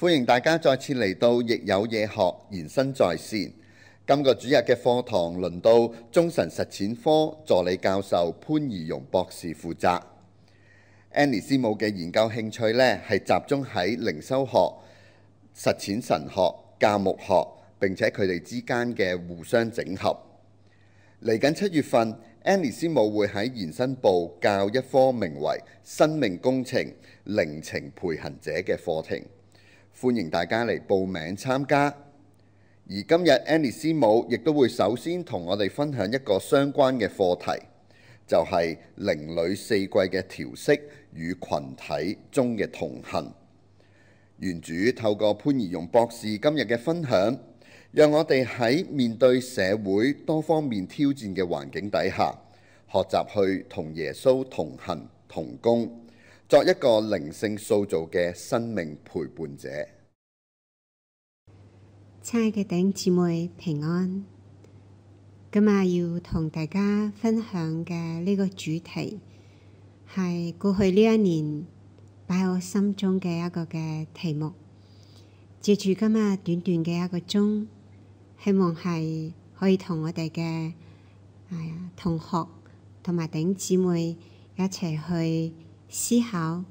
歡迎大家再次嚟到《疫有嘢學延伸在線》。今個主日嘅課堂輪到中神實踐科助理教授潘怡蓉博士負責。Annie 師母嘅研究興趣呢，係集中喺靈修學、實踐神學、教牧學，並且佢哋之間嘅互相整合。嚟緊七月份，Annie 師母會喺延伸部教一科名為《生命工程靈程陪行者課》嘅課程。歡迎大家嚟報名參加，而今日安妮師母亦都會首先同我哋分享一個相關嘅課題，就係、是、靈旅四季嘅調適與群體中嘅同行。願主透過潘怡蓉博士今日嘅分享，讓我哋喺面對社會多方面挑戰嘅環境底下，學習去同耶穌同行同工。作一個靈性塑造嘅生命陪伴者。親愛嘅頂姊妹平安。今日要同大家分享嘅呢個主題，係過去呢一年擺我心中嘅一個嘅題目，借住今日短短嘅一個鐘，希望係可以同我哋嘅、哎、同學同埋頂姊妹一齊去。思考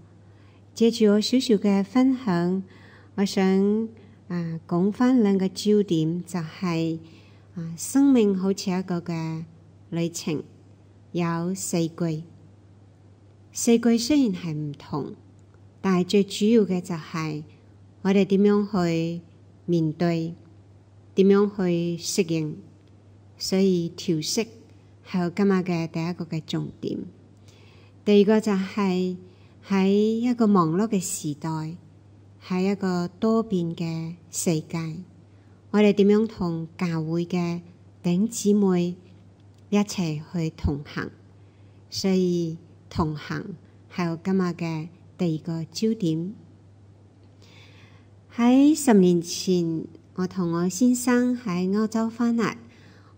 借住我少少嘅分享，我想啊、呃、講翻兩個焦點，就係、是、啊、呃、生命好似一個嘅旅程，有四季。四季雖然係唔同，但係最主要嘅就係我哋點樣去面對，點樣去適應，所以調適係我今日嘅第一個嘅重點。第二個就係喺一個忙碌嘅時代，喺一個多變嘅世界，我哋點樣同教會嘅弟兄姊妹一齊去同行？所以同行係我今日嘅第二個焦點。喺十年前，我同我先生喺歐洲翻嚟，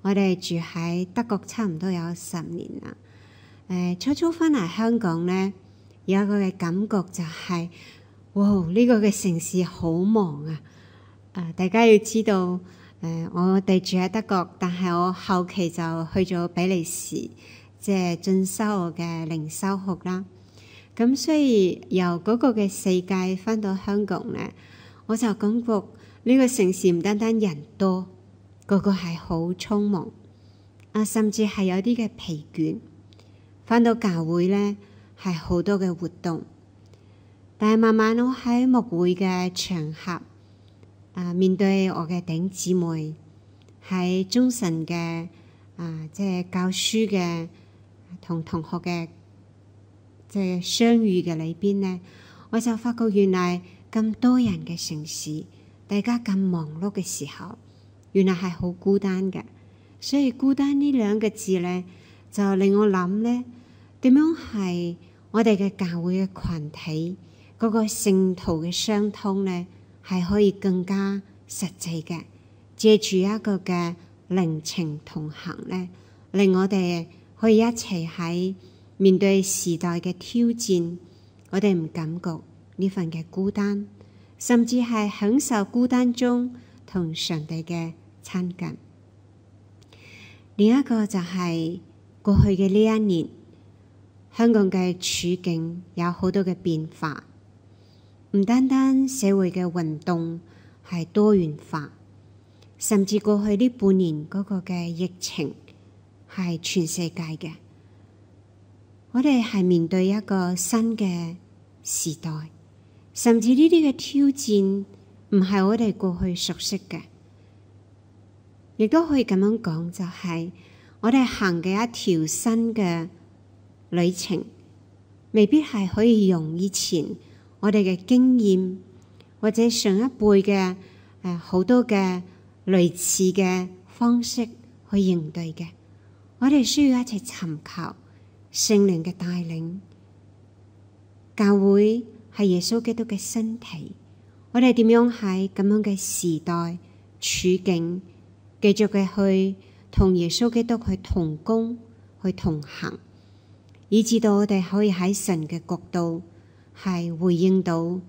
我哋住喺德國，差唔多有十年啦。誒初初翻嚟香港咧，有一個嘅感覺就係、是、哇！呢、這個嘅城市好忙啊。啊，大家要知道誒、呃，我哋住喺德國，但係我後期就去咗比利時，即係進修我嘅靈修學啦。咁所以由嗰個嘅世界翻到香港咧，我就感覺呢個城市唔單單人多，個個係好匆忙啊，甚至係有啲嘅疲倦。返到教會咧，係好多嘅活動，但係慢慢我喺牧會嘅場合、呃，面對我嘅頂姊妹，喺中神嘅啊即係教書嘅同同學嘅即係相遇嘅裏邊咧，我就發覺原來咁多人嘅城市，大家咁忙碌嘅時候，原來係好孤單嘅。所以孤單呢兩個字咧，就令我諗咧。點樣係我哋嘅教會嘅群體嗰個聖徒嘅相通咧，係可以更加實際嘅借住一個嘅靈情同行咧，令我哋可以一齊喺面對時代嘅挑戰，我哋唔感覺呢份嘅孤單，甚至係享受孤單中同上帝嘅親近。另一個就係過去嘅呢一年。香港嘅處境有好多嘅變化，唔單單社會嘅運動係多元化，甚至過去呢半年嗰個嘅疫情係全世界嘅。我哋係面對一個新嘅時代，甚至呢啲嘅挑戰唔係我哋過去熟悉嘅，亦都可以咁樣講，就係我哋行嘅一條新嘅。旅程未必係可以用以前我哋嘅經驗，或者上一輩嘅誒好多嘅類似嘅方式去應對嘅。我哋需要一齊尋求聖靈嘅帶領。教會係耶穌基督嘅身體。我哋點樣喺咁樣嘅時代處境，繼續嘅去同耶穌基督去同工去同行。以至到我哋可以喺神嘅角度係回應到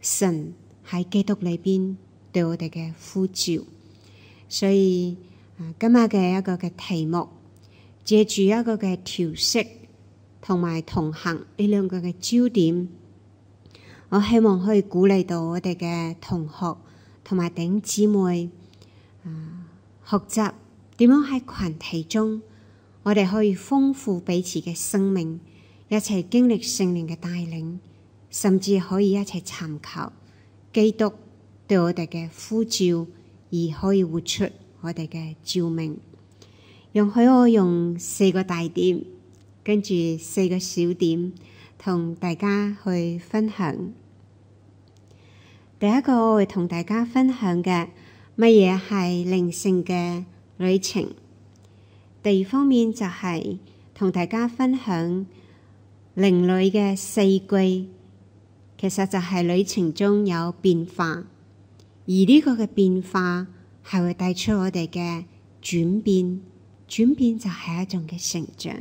神喺基督裏邊對我哋嘅呼召，所以今日嘅一個嘅題目借住一個嘅調適同埋同行呢兩個嘅焦點，我希望可以鼓勵到我哋嘅同學同埋頂姊妹，啊，學習點樣喺群體中。我哋可以豐富彼此嘅生命，一齊經歷聖靈嘅帶領，甚至可以一齊尋求基督對我哋嘅呼召，而可以活出我哋嘅照明。容許我用四個大點，跟住四個小點，同大家去分享。第一個我會同大家分享嘅，乜嘢係靈性嘅旅程？第二方面就係同大家分享，靈旅嘅四季，其實就係旅程中有變化，而呢個嘅變化係會帶出我哋嘅轉變。轉變就係一種嘅成長。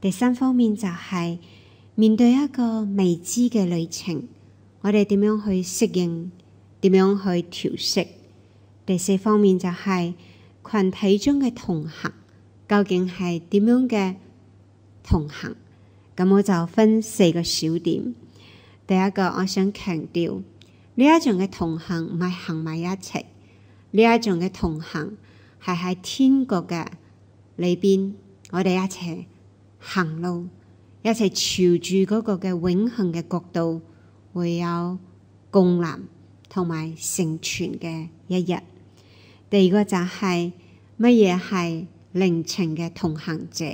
第三方面就係面對一個未知嘅旅程，我哋點樣去適應，點樣去調適。第四方面就係群體中嘅同行。究竟係點樣嘅同行？咁我就分四個小點。第一個我想強調呢一種嘅同行唔係行埋一齊，呢一種嘅同行係喺天國嘅裏邊，我哋一齊行路，一齊朝住嗰個嘅永恆嘅國度，會有共臨同埋成全嘅一日。第二個就係乜嘢係？靈程嘅同行者，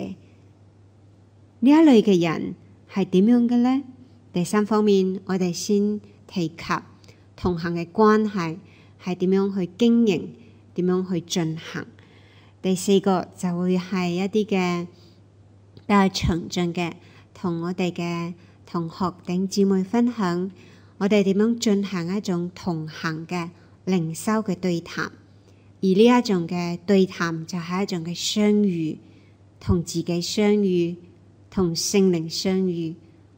呢一類嘅人係點樣嘅咧？第三方面，我哋先提及同行嘅關係係點樣去經營，點樣去進行。第四個就會係一啲嘅比較詳盡嘅，同我哋嘅同學頂姊妹分享我哋點樣進行一種同行嘅靈修嘅對談。而呢一種嘅對談就係一種嘅相遇，同自己相遇，同聖靈相遇，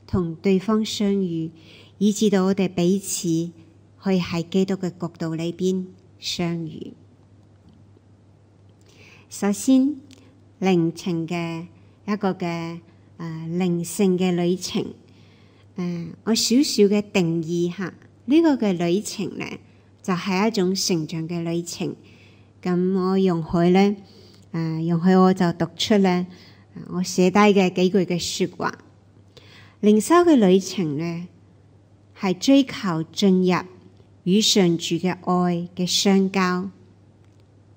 同對方相遇，以致到我哋彼此可以喺基督嘅角度裏邊相遇。首先，靈情嘅一個嘅誒靈性嘅旅程，誒、呃，我少少嘅定義下呢、這個嘅旅程咧，就係、是、一種成長嘅旅程。咁我容許咧，誒、呃、容許我就讀出咧，我寫低嘅幾句嘅說話。靈修嘅旅程咧，係追求進入與上主嘅愛嘅相交，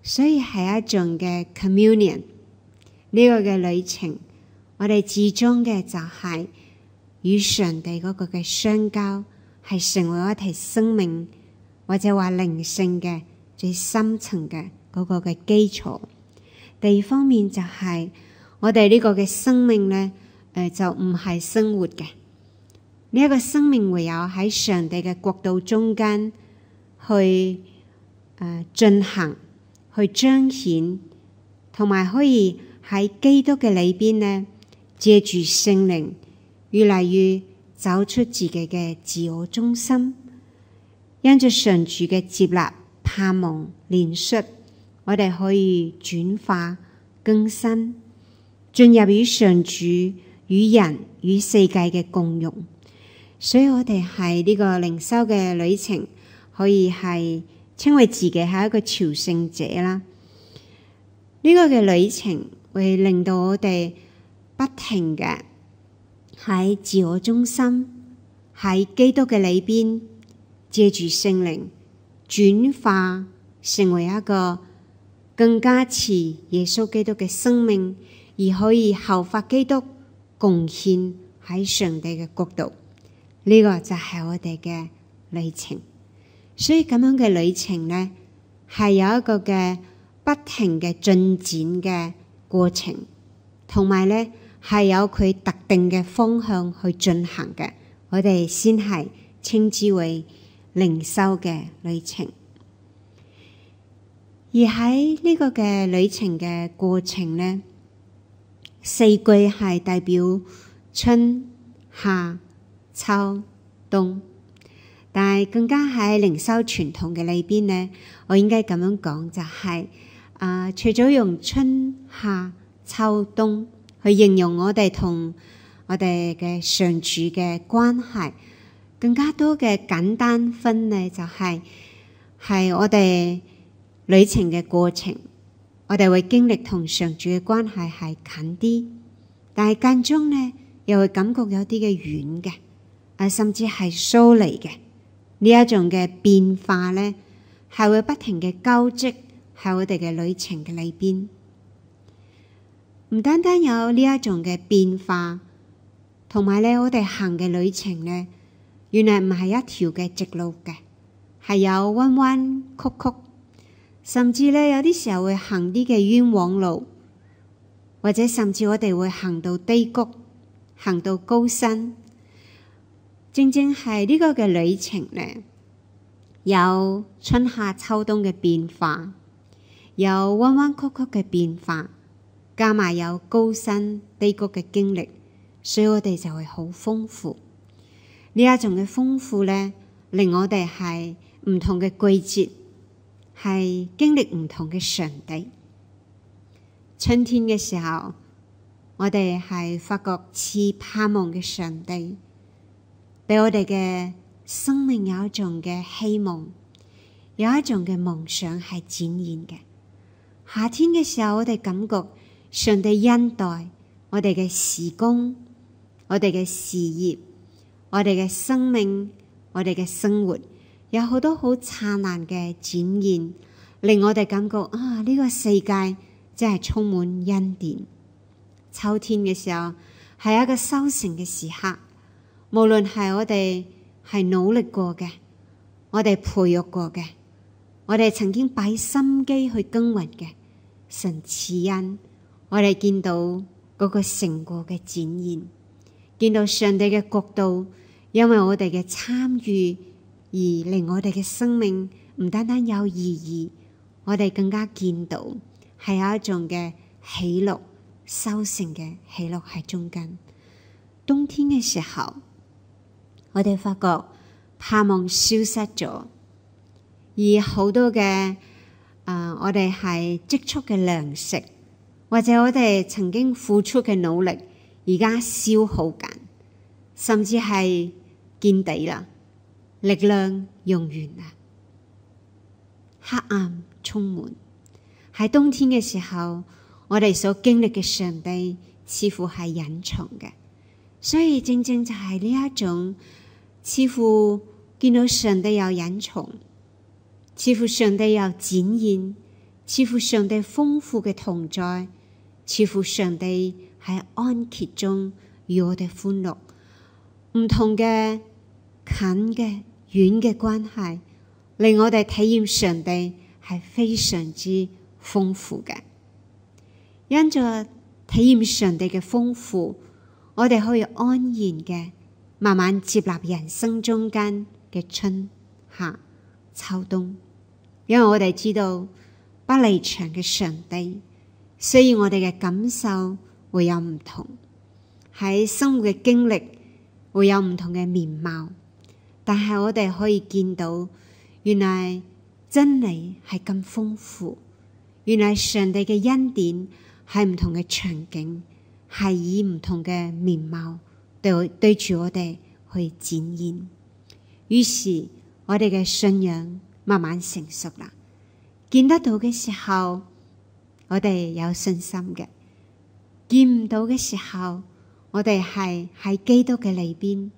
所以係一種嘅 communion。呢、這個嘅旅程，我哋至終嘅就係與上帝嗰個嘅相交，係成為一啲生命或者話靈性嘅最深層嘅嗰個嘅基礎，第二方面就係、是、我哋呢個嘅生命咧，誒、呃、就唔係生活嘅呢一個生命，唯有喺上帝嘅國度中間去誒進、呃、行，去彰顯，同埋可以喺基督嘅裏邊咧，借住聖靈越嚟越走出自己嘅自我中心，因着上主嘅接納、盼望、憐恤。我哋可以轉化更新，進入與上主、與人、與世界嘅共融，所以我哋喺呢個靈修嘅旅程，可以係稱為自己係一個朝聖者啦。呢、這個嘅旅程會令到我哋不停嘅喺自我中心，喺基督嘅裏邊借住聖靈轉化成為一個。更加持耶穌基督嘅生命，而可以效法基督貢獻喺上帝嘅國度，呢、這個就係我哋嘅旅程。所以咁樣嘅旅程咧，係有一個嘅不停嘅進展嘅過程，同埋咧係有佢特定嘅方向去進行嘅，我哋先係稱之為靈修嘅旅程。而喺呢個嘅旅程嘅過程咧，四季係代表春、夏、秋、冬，但係更加喺靈修傳統嘅裏邊咧，我應該咁樣講就係、是，啊、呃，除咗用春夏秋冬去形容我哋同我哋嘅上主嘅關係，更加多嘅簡單分類就係、是，係我哋。旅程嘅過程，我哋會經歷同上主嘅關係係近啲，但係間中咧又會感覺有啲嘅遠嘅，啊，甚至係疏離嘅呢一種嘅變化咧，係會不停嘅交織喺我哋嘅旅程嘅裏邊。唔單單有呢一種嘅變化，同埋咧我哋行嘅旅程咧，原來唔係一條嘅直路嘅，係有彎彎曲曲。甚至咧，有啲時候會行啲嘅冤枉路，或者甚至我哋會行到低谷，行到高山。正正係呢個嘅旅程咧，有春夏秋冬嘅變化，有彎彎曲曲嘅變化，加埋有高山低谷嘅經歷，所以我哋就會好豐富。呢一種嘅豐富咧，令我哋係唔同嘅季節，係經歷唔同嘅上帝，春天嘅時候，我哋係發覺賜盼望嘅上帝，畀我哋嘅生命有一種嘅希望，有一種嘅夢想係展現嘅。夏天嘅時候，我哋感覺上帝恩待我哋嘅時光，我哋嘅事業，我哋嘅生命，我哋嘅生活。有好多好燦爛嘅展現，令我哋感覺啊，呢個世界真係充滿恩典。秋天嘅時候係一個收成嘅時刻，無論係我哋係努力過嘅，我哋培育過嘅，我哋曾經擺心機去耕耘嘅，神賜恩，我哋見到嗰個成果嘅展現，見到上帝嘅國度，因為我哋嘅參與。而令我哋嘅生命唔單單有意義，我哋更加見到係有一種嘅喜樂、收成嘅喜樂喺中間。冬天嘅時候，我哋發覺盼望消失咗，而好多嘅、呃、我哋係積蓄嘅糧食，或者我哋曾經付出嘅努力，而家消耗緊，甚至係見底啦。力量用完啦，黑暗充滿。喺冬天嘅時候，我哋所經歷嘅上帝似乎係隱藏嘅，所以正正就係呢一種，似乎見到上帝有隱藏，似乎上帝有展現，似乎上帝豐富嘅同在，似乎上帝喺安歇中與我哋歡樂，唔同嘅。近嘅、遠嘅關係，令我哋體驗上帝係非常之豐富嘅。因着體驗上帝嘅豐富，我哋可以安然嘅慢慢接納人生中間嘅春夏秋冬。因為我哋知道不離場嘅上帝，所以我哋嘅感受會有唔同，喺生活嘅經歷會有唔同嘅面貌。但係我哋可以見到，原來真理係咁豐富，原來上帝嘅恩典係唔同嘅場景，係以唔同嘅面貌對對住我哋去展現。於是我哋嘅信仰慢慢成熟啦。見得到嘅時候，我哋有信心嘅；見唔到嘅時候，我哋係喺基督嘅裏邊，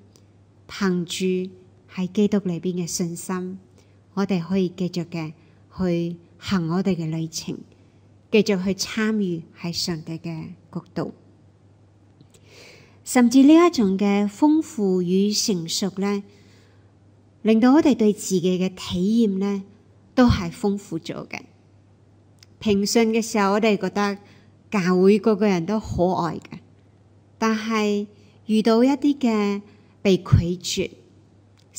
憑住。喺基督裏邊嘅信心，我哋可以繼續嘅去行我哋嘅旅程，繼續去參與喺上帝嘅國度。甚至呢一種嘅豐富與成熟咧，令到我哋對自己嘅體驗咧都係豐富咗嘅。平順嘅時候，我哋覺得教會個個人都可愛嘅，但係遇到一啲嘅被拒絕。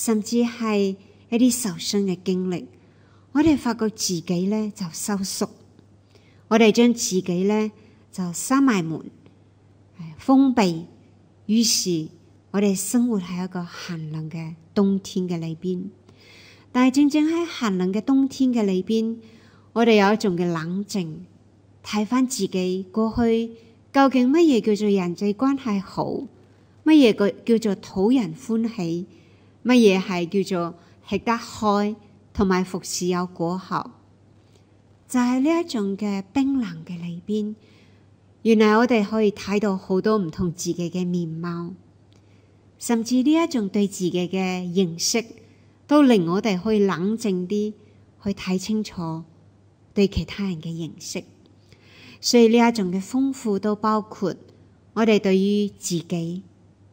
甚至係一啲受傷嘅經歷，我哋發覺自己咧就收縮，我哋將自己咧就閂埋門，封閉。於是我哋生活喺一個寒冷嘅冬天嘅裏邊。但係正正喺寒冷嘅冬天嘅裏邊，我哋有一種嘅冷靜，睇返自己過去究竟乜嘢叫做人際關係好，乜嘢叫叫做討人歡喜。乜嘢係叫做吃得開，同埋服侍有果效？就係呢一種嘅冰冷嘅裏邊，原來我哋可以睇到好多唔同自己嘅面貌，甚至呢一種對自己嘅認識，都令我哋可以冷靜啲去睇清楚對其他人嘅認識。所以呢一種嘅豐富都包括我哋對於自己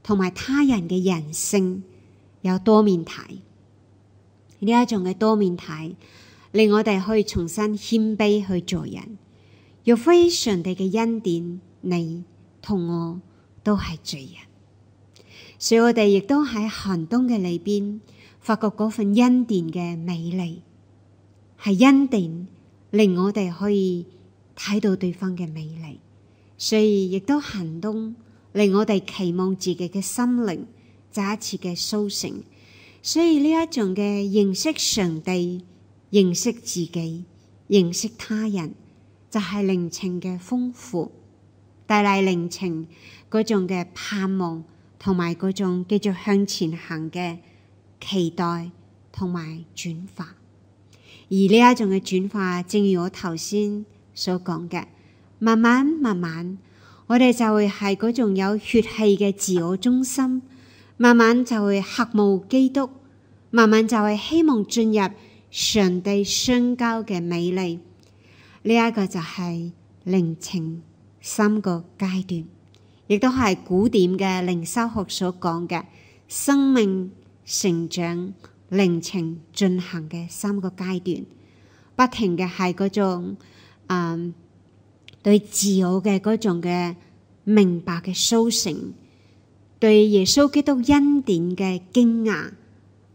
同埋他人嘅人性，有多面體，呢一種嘅多面體，令我哋可以重新謙卑去做人。若非上帝嘅恩典，你同我都係罪人。所以我哋亦都喺寒冬嘅裏邊，發覺嗰份恩典嘅美麗，係恩典令我哋可以睇到對方嘅美麗。所以亦都寒冬令我哋期望自己嘅心靈。第一次嘅蘇醒，所以呢一種嘅認識上帝、認識自己、認識他人，就係靈情嘅豐富，帶嚟靈情嗰種嘅盼望，同埋嗰種繼續向前行嘅期待，同埋轉化。而呢一種嘅轉化，正如我頭先所講嘅，慢慢慢慢，我哋就會係嗰種有血氣嘅自我中心。慢慢就會渴慕基督，慢慢就會希望進入上帝相交嘅美麗。呢、這、一個就係靈情三個階段，亦都係古典嘅靈修學所講嘅生命成長靈情進行嘅三個階段，不停嘅係嗰種誒、嗯、對自我嘅嗰種嘅明白嘅蘇成。對耶穌基督恩典嘅驚訝，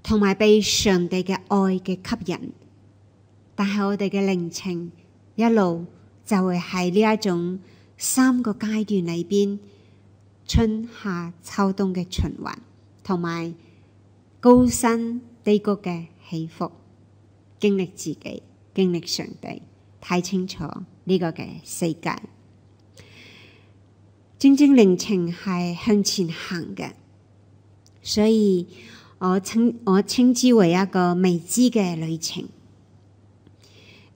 同埋被上帝嘅愛嘅吸引，但係我哋嘅靈情一路就會喺呢一種三個階段裏邊，春夏秋冬嘅循環，同埋高山低谷嘅起伏，經歷自己，經歷上帝，睇清楚呢個嘅世界。真正靈程係向前行嘅，所以我稱，我稱之為一個未知嘅旅程。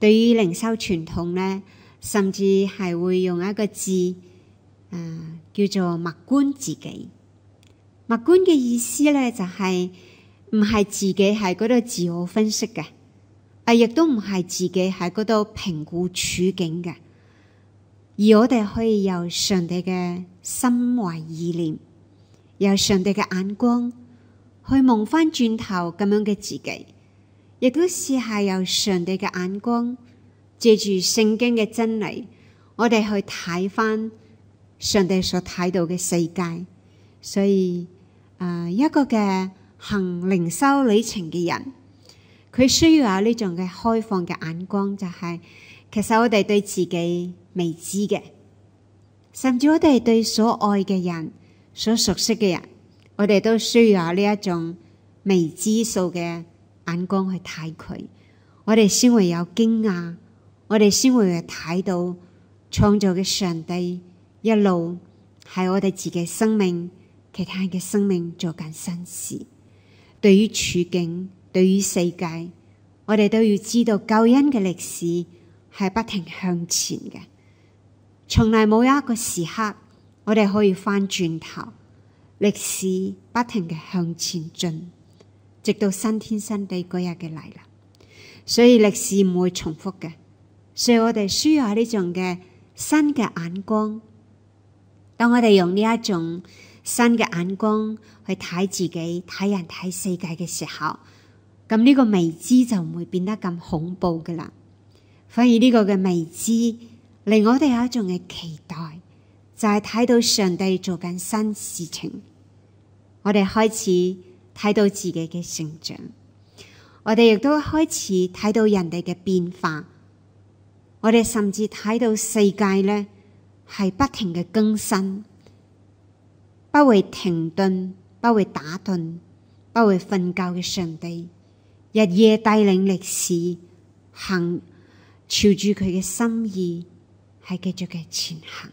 對於靈修傳統呢，甚至係會用一個字，呃、叫做默觀自己。默觀嘅意思呢，就係唔係自己喺嗰度自我分析嘅，亦、呃、都唔係自己喺嗰度評估處境嘅。而我哋可以由上帝嘅心懷意念，由上帝嘅眼光去望翻轉頭咁樣嘅自己，亦都試下由上帝嘅眼光借住聖經嘅真理，我哋去睇翻上帝所睇到嘅世界。所以，誒、呃、一個嘅行靈修旅程嘅人，佢需要有呢種嘅開放嘅眼光，就係、是、其實我哋對自己。未知嘅，甚至我哋對所愛嘅人、所熟悉嘅人，我哋都需要呢一種未知數嘅眼光去睇佢，我哋先會有驚訝，我哋先會有睇到創造嘅上帝一路喺我哋自己生命、其他人嘅生命做緊新事。對於處境、對於世界，我哋都要知道救恩嘅歷史係不停向前嘅。從來冇有一個時刻，我哋可以翻轉頭，歷史不停嘅向前進，直到新天新地嗰日嘅嚟啦。所以歷史唔會重複嘅，所以我哋需要呢種嘅新嘅眼光。當我哋用呢一種新嘅眼光去睇自己、睇人、睇世界嘅時候，咁呢個未知就唔會變得咁恐怖噶啦。反而呢個嘅未知，令我哋有一種嘅期待，就係睇到上帝做緊新事情。我哋開始睇到自己嘅成長，我哋亦都開始睇到人哋嘅變化。我哋甚至睇到世界呢係不停嘅更新，不會停頓，不會打頓，不會瞓覺嘅上帝日夜帶領歷史，行，朝住佢嘅心意。係繼續嘅前行，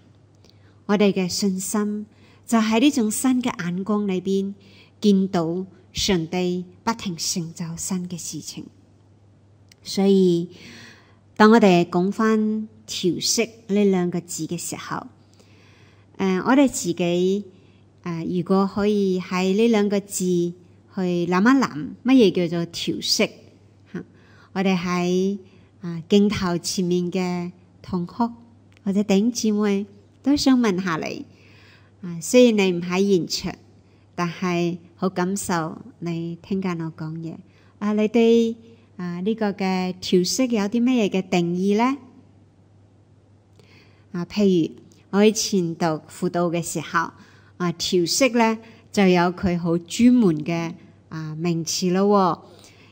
我哋嘅信心就喺呢種新嘅眼光裏邊見到上帝不停成就新嘅事情。所以當我哋講翻調適呢兩個字嘅時候，誒、呃、我哋自己誒、呃，如果可以喺呢兩個字去諗一諗乜嘢叫做調適嚇，我哋喺啊鏡頭前面嘅同學。或者頂姊妹都想問下你，啊，雖然你唔喺現場，但係好感受你聽緊我講嘢。啊，你對啊呢、這個嘅調適有啲咩嘢嘅定義咧？啊，譬如我以前讀輔導嘅時候，啊調適咧就有佢好專門嘅啊名詞咯、哦。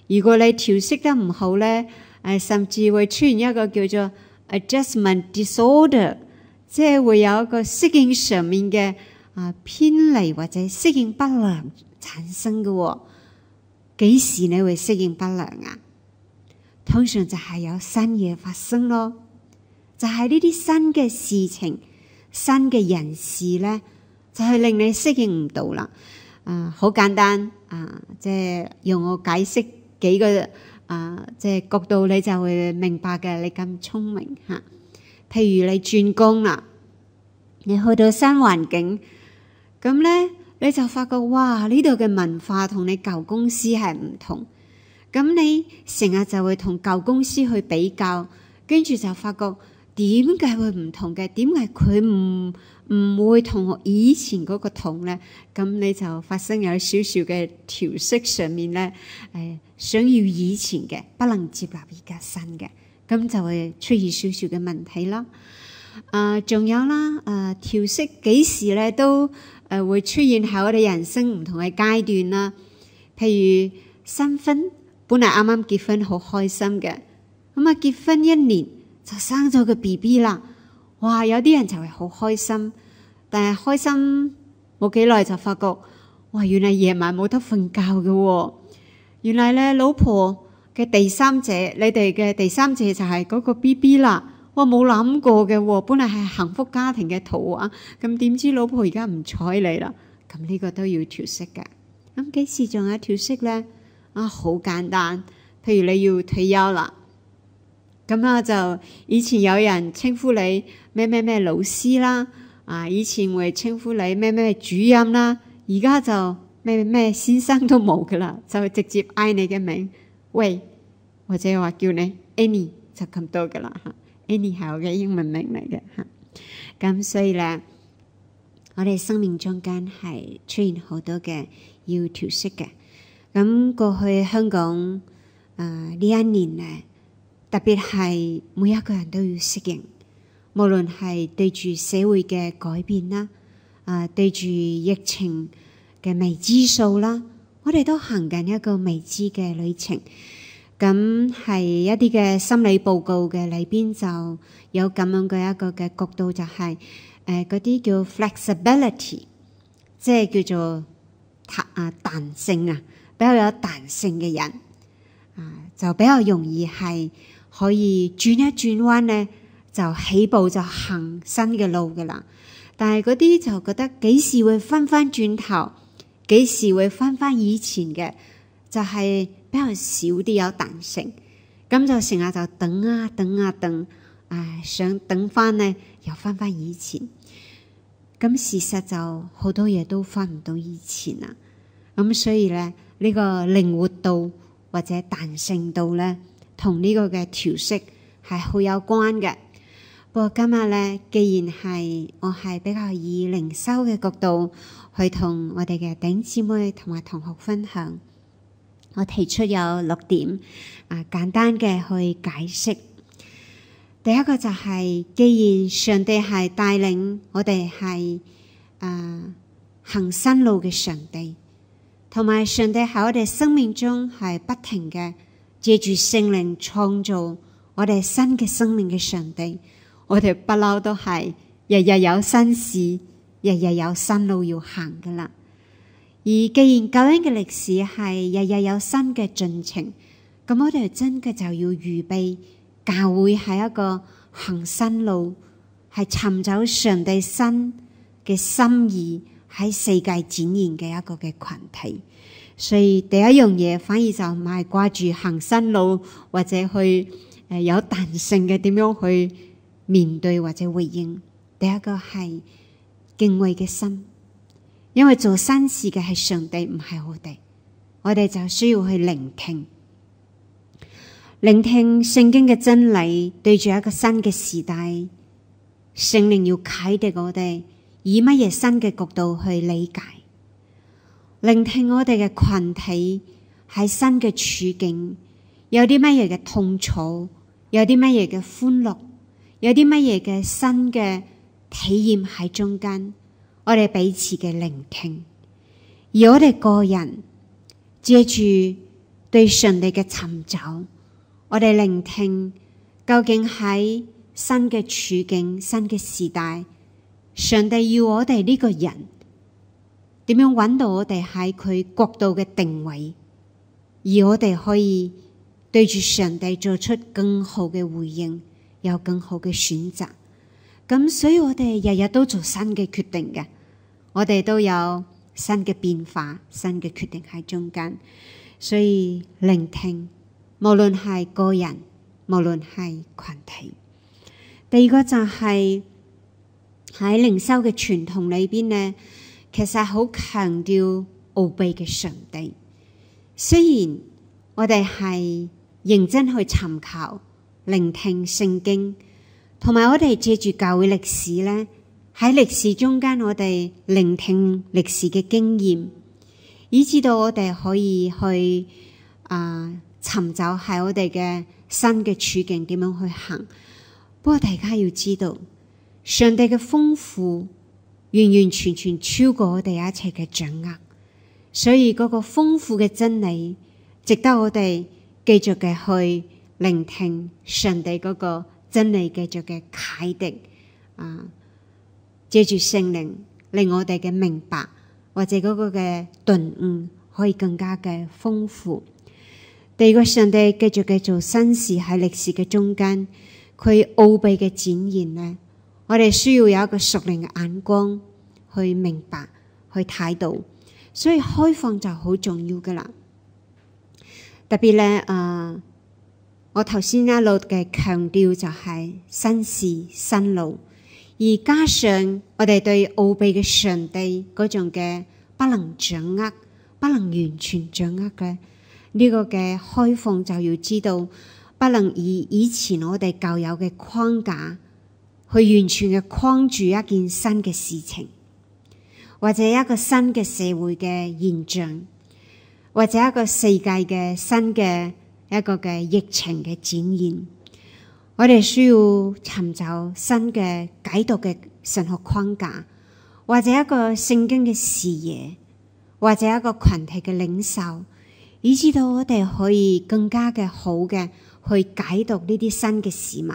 如果你調適得唔好咧，誒、啊、甚至會出現一個叫做～Adjustment disorder，即係會有一個適應上面嘅啊偏離或者適應不良產生嘅、哦，幾時你會適應不良啊？通常就係有新嘢發生咯，就係呢啲新嘅事情、新嘅人事咧，就係、是、令你適應唔到啦。啊、呃，好簡單啊，即、呃、係、就是、用我解釋幾個。啊，即係角度，你就會明白嘅。你咁聰明吓，啊，譬如你轉工啦，你去到新環境，咁咧你就發覺，哇，呢度嘅文化同你舊公司係唔同，咁你成日就會同舊公司去比較，跟住就發覺。點解會唔同嘅？點解佢唔唔會同我以前嗰個同咧？咁你就發生有少少嘅調適上面咧，誒、呃、想要以前嘅，不能接納而家新嘅，咁就會出現少少嘅問題啦。啊、呃，仲有啦，誒調適幾時咧都誒、呃、會出現喺我哋人生唔同嘅階段啦。譬如新婚，本嚟啱啱結婚好開心嘅，咁、嗯、啊結婚一年，就生咗個 B B 啦，哇！有啲人就係好開心，但係開心冇幾耐就發覺，哇！原來夜晚冇得瞓覺嘅、哦，原來咧老婆嘅第三者，你哋嘅第三者就係嗰個 B B 啦，我冇諗過嘅、哦，本來係幸福家庭嘅圖啊，咁點知老婆而家唔睬你啦，咁、啊、呢、這個都要調適嘅，咁幾時仲有調適咧？啊，好簡單，譬如你要退休啦。咁我就以前有人稱呼你咩咩咩老師啦，啊，以前會稱呼你咩咩主任啦，而家就咩咩咩先生都冇噶啦，就會直接嗌你嘅名喂，或者話叫你 Annie 就咁多噶啦。Annie、啊、係、啊、我嘅英文名嚟嘅吓，咁、啊、所以咧， 我哋生命中間係出現好多嘅要調適嘅。咁過去香港誒呢、呃、一年咧。特別係每一個人都要適應，無論係對住社會嘅改變啦，啊、呃、對住疫情嘅未知數啦，我哋都行緊一個未知嘅旅程。咁係一啲嘅心理報告嘅裏邊就有咁樣嘅一個嘅角度、就係，就係誒嗰啲叫 flexibility，即係叫做彈啊彈性啊，比較有彈性嘅人啊、呃，就比較容易係。可以轉一轉彎咧，就起步就行新嘅路㗎喇。但係嗰啲就覺得幾時會翻返轉頭，幾時會翻返以前嘅，就係、是、比較少啲有彈性。咁就成日就等啊等啊等，唉，想等翻咧又翻返以前。咁事實就好多嘢都翻唔到以前啦。咁所以咧，呢、這個靈活度或者彈性度咧。同呢個嘅調適係好有關嘅，不過今日咧，既然係我係比較以靈修嘅角度去同我哋嘅頂姊妹同埋同學分享，我提出有六點啊，簡單嘅去解釋。第一個就係、是，既然上帝係帶領我哋係啊行山路嘅上帝，同埋上帝喺我哋生命中係不停嘅，借住聖靈創造我哋新嘅生命嘅上帝，我哋不嬲都係日日有新事，日日有新路要行噶啦。而既然救恩嘅歷史係日日有新嘅進程，咁我哋真嘅就要預備教會係一個行新路，係尋找上帝新嘅心意喺世界展現嘅一個嘅群體。所以第一樣嘢反而就唔係掛住行新路或者去誒，呃、有彈性嘅點樣去面對或者回應。第一個係敬畏嘅心，因為做新事嘅係上帝，唔係我哋。我哋就需要去聆聽，聆聽聖經嘅真理，對住一個新嘅時代，聖靈要啟迪我哋以乜嘢新嘅角度去理解。聆聽我哋嘅群體喺新嘅處境，有啲乜嘢嘅痛楚，有啲乜嘢嘅歡樂，有啲乜嘢嘅新嘅體驗喺中間，我哋彼此嘅聆聽；而我哋個人借住對上帝嘅尋找，我哋聆聽究竟喺新嘅處境、新嘅時代，上帝要我哋呢個人點樣搵到我哋喺佢角度嘅定位，而我哋可以對住上帝做出更好嘅回應，有更好嘅選擇。咁所以我哋日日都做新嘅決定嘅，我哋都有新嘅變化、新嘅決定喺中間。所以聆聽，無論係個人，無論係群體。第二個就係、是、喺靈修嘅傳統裏邊呢。其實好強調奧秘嘅上帝，雖然我哋係認真去尋求、聆聽聖經，同埋我哋借住教會歷史咧，喺歷史中間我哋聆聽歷史嘅經驗，以至到我哋可以去啊、呃、尋找喺我哋嘅新嘅處境點樣去行。不過大家要知道，上帝嘅豐富。完完全全超過我哋一切嘅掌握，所以嗰個豐富嘅真理值得我哋繼續嘅去聆聽上帝嗰個真理，繼續嘅啟迪啊，借住聖靈令我哋嘅明白或者嗰個嘅頓悟可以更加嘅豐富。第二個上帝繼續繼續新事喺歷史嘅中間佢奧秘嘅展現呢。我哋需要有一個熟練嘅眼光去明白去睇到，所以開放就好重要噶啦。特別咧，誒、呃，我頭先一路嘅強調就係新事新路，而加上我哋對奧秘嘅上帝嗰種嘅不能掌握、不能完全掌握嘅呢，這個嘅開放，就要知道不能以以前我哋舊有嘅框架。去完全嘅框住一件新嘅事情，或者一個新嘅社會嘅現象，或者一個世界嘅新嘅一個嘅疫情嘅展現，我哋需要尋找新嘅解讀嘅神學框架，或者一個聖經嘅視野，或者一個群體嘅領袖，以至到我哋可以更加嘅好嘅去解讀呢啲新嘅事物。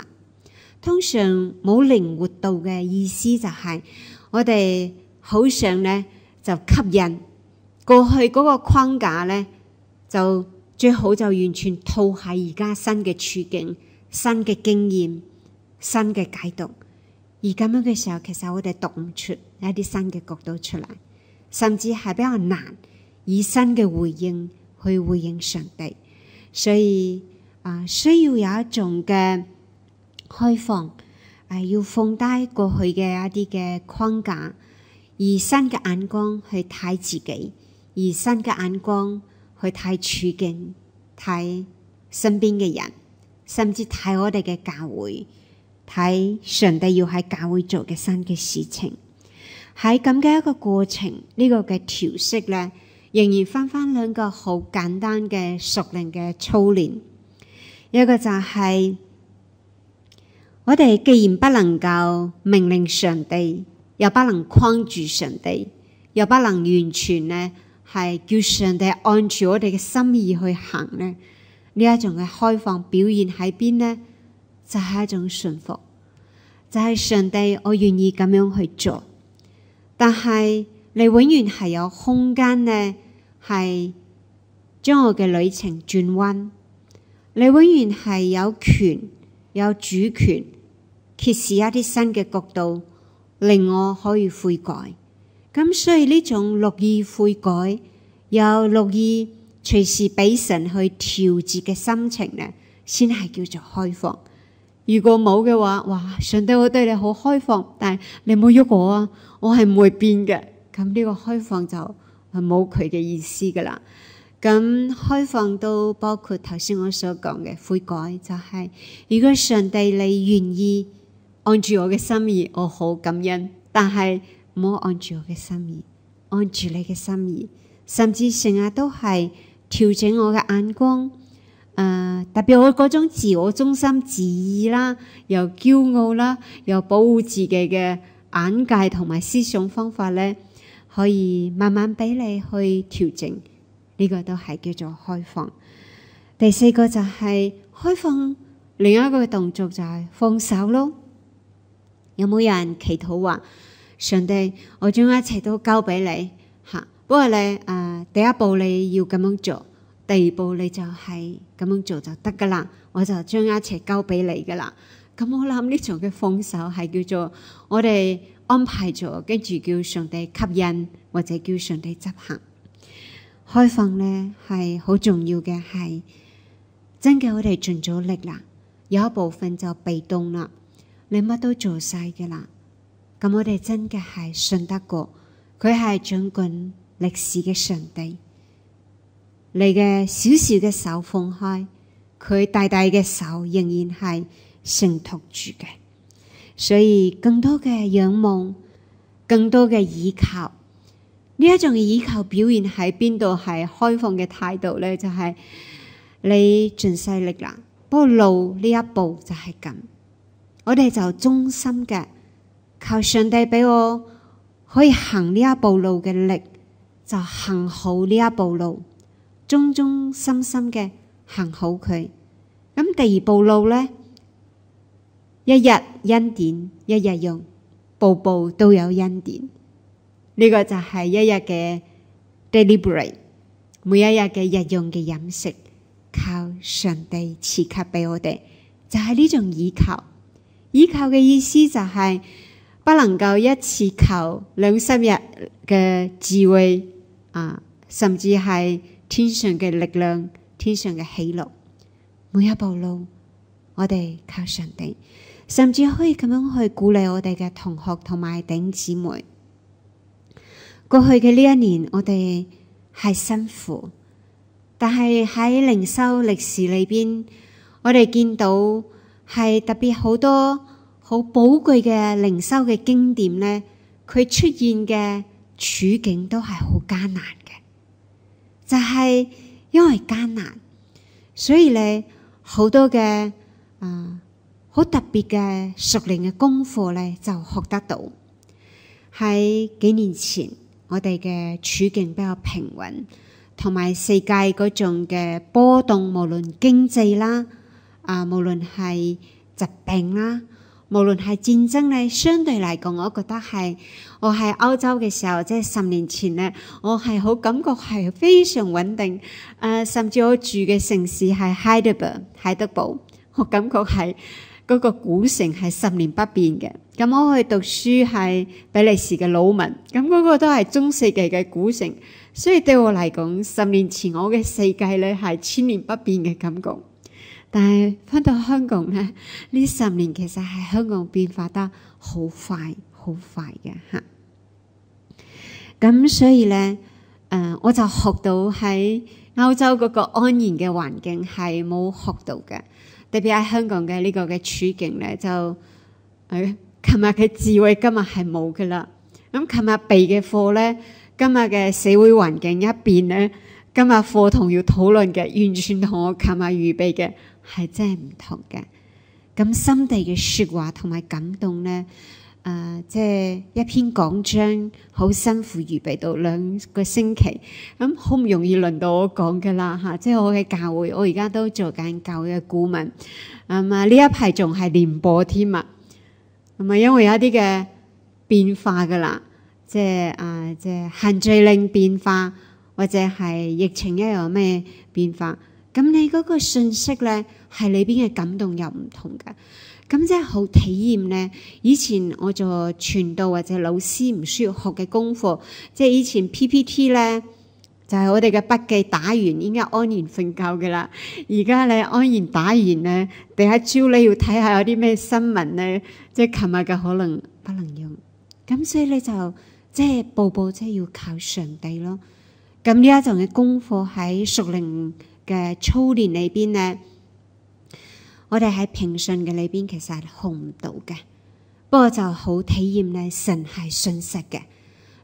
通常冇靈活度嘅意思就係，我哋好想咧就吸引過去嗰個框架咧，就最好就完全套喺而家新嘅處境、新嘅經驗、新嘅解讀。而咁樣嘅時候，其實我哋讀唔出一啲新嘅角度出嚟，甚至係比較難以新嘅回應去回應上帝。所以啊，呃，需要有一種嘅。開放，誒、呃、要放低過去嘅一啲嘅框架，以新嘅眼光去睇自己，以新嘅眼光去睇處境，睇身邊嘅人，甚至睇我哋嘅教會，睇上帝要喺教會做嘅新嘅事情。喺咁嘅一個過程，這個、調呢個嘅調適咧，仍然翻翻兩個好簡單嘅熟練嘅操練，一個就係、是。我哋既然不能夠命令上帝，又不能框住上帝，又不能完全呢係叫上帝按住我哋嘅心意去行呢。呢一種嘅開放表現喺邊呢？就係、是、一種順服，就係、是、上帝，我願意咁樣去做。但係你永遠係有空間呢，係將我嘅旅程轉彎。你永遠係有權有主權。揭示一啲新嘅角度，令我可以悔改。咁所以呢種樂意悔改，又樂意隨時俾神去調節嘅心情咧，先係叫做開放。如果冇嘅話，哇！上帝我對你好開放，但係你冇喐我啊，我係唔會變嘅。咁呢個開放就係冇佢嘅意思㗎喇。咁開放都包括頭先我所講嘅悔改，就係、是、如果上帝你願意。按住我嘅心意，我好感恩。但係唔好按住我嘅心意，按住你嘅心意，甚至成日都係調整我嘅眼光。誒、呃，特別我嗰種自我中心、自意啦，又驕傲啦，又保護自己嘅眼界同埋思想方法咧，可以慢慢俾你去調整。呢、呢個都係叫做開放。第四個就係開放，另一個嘅動作就係放手咯。有冇人祈禱話：上帝，我將一切都交畀你嚇、嗯。不過咧，誒、呃、第一步你要咁樣做，第二步你就係咁樣做就得噶啦。我就將一切交畀你噶啦。咁、嗯、我諗呢種嘅放手係叫做我哋安排咗，跟住叫上帝吸引或者叫上帝執行。開放咧係好重要嘅，係真嘅我哋盡咗力啦，有一部分就被動啦。你乜都做晒嘅啦，咁我哋真嘅係信得過，佢係掌管歷史嘅上帝。你嘅小小嘅手放開，佢大大嘅手仍然係承托住嘅。所以更多嘅仰望，更多嘅倚靠，呢一種倚靠表現喺邊度？係開放嘅態度咧，就係、是、你盡勢力啦。不過路呢一步就係咁。我哋就忠心嘅，靠上帝畀我可以行呢一步路嘅力，就行好呢一步路，忠忠心心嘅行好佢。咁第二步路咧，一日恩典，一日用，步步都有恩典。呢、這個就係一日嘅 d e l i v e r y 每一日嘅日用嘅飲食，靠上帝賜給畀我哋，就係、是、呢種依靠。依靠嘅意思就係不能夠一次求兩三日嘅智慧啊，甚至係天上嘅力量、天上嘅喜樂，每一步路我哋靠上帝，甚至可以咁樣去鼓勵我哋嘅同學同埋頂姊妹。過去嘅呢一年我哋係辛苦，但係喺靈修歷史裏邊，我哋見到。係特別好多好寶貴嘅靈修嘅經典咧，佢出現嘅處境都係好艱難嘅，就係因為艱難，所以咧好多嘅啊好特別嘅熟練嘅功課咧就學得到。喺幾年前，我哋嘅處境比較平穩，同埋世界嗰種嘅波動，無論經濟啦。啊，無論係疾病啦、啊，無論係戰爭咧、啊，相對嚟講，我覺得係我喺歐洲嘅時候，即係十年前咧，我係好感覺係非常穩定。誒、啊，甚至我住嘅城市係海德堡，海德堡，我感覺係嗰個古城係十年不變嘅。咁我去讀書係比利時嘅魯汶，咁嗰個都係中世紀嘅古城，所以對我嚟講，十年前我嘅世界咧係千年不變嘅感覺。但係返到香港咧，呢十年其實係香港變化得好快，好快嘅嚇。咁、啊、所以咧，誒、呃、我就學到喺歐洲嗰個安然嘅環境係冇學到嘅，特別喺香港嘅呢個嘅處境咧就，誒、琴日嘅智慧今日係冇㗎喇。咁琴日備嘅課咧，今日嘅社會環境一變咧，今日課堂要討論嘅完全同我琴日預備嘅。係真係唔同嘅，咁心地嘅說話同埋感動咧，誒、呃，即係一篇講章，好辛苦預備到兩個星期，咁好唔容易輪到我講嘅啦嚇，即係我嘅教會，我而家都做緊教會嘅顧問，咁啊呢一排仲係連播添啊，咁啊因為有一啲嘅變化噶啦，即係誒即係限聚令變化，或者係疫情又有咩變化？咁你嗰個信息咧，係裏邊嘅感動又唔同噶。咁即係好體驗咧。以前我做傳道或者老師唔需要學嘅功課，即係以前 PPT 咧，就係、是、我哋嘅筆記打完應該安然瞓覺噶啦。而家你安然打完咧，第一朝咧要睇下有啲咩新聞咧，即係琴日嘅可能不能用。咁所以你就即係步步即係要靠上帝咯。咁呢一陣嘅功課喺熟練嘅操練裏邊呢，我哋喺平順嘅裏邊其實係學唔到嘅，不過就好體驗呢，神係信實嘅，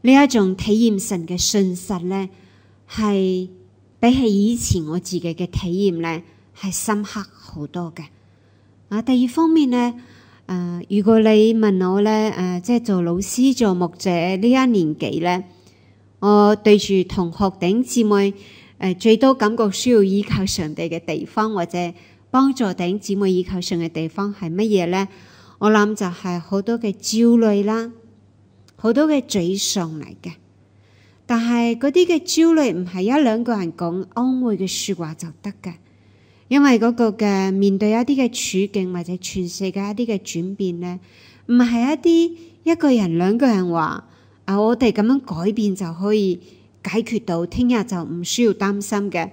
呢一種體驗神嘅信實呢，係比起以前我自己嘅體驗呢，係深刻好多嘅。啊，第二方面呢，呃、如果你問我呢，誒、呃，即係做老師做牧者呢一年幾，呢，我對住同學頂姊妹。誒最多感覺需要依靠上帝嘅地方，或者幫助頂姊妹依靠上帝嘅地方係乜嘢咧？我諗就係好多嘅焦慮啦，好多嘅沮喪嚟嘅。但係嗰啲嘅焦慮唔係一兩個人講安慰嘅説話就得嘅，因為嗰個嘅面對一啲嘅處境或者全世界一啲嘅轉變咧，唔係一啲一個人兩個人話啊，我哋咁樣改變就可以。解決到聽日就唔需要擔心嘅。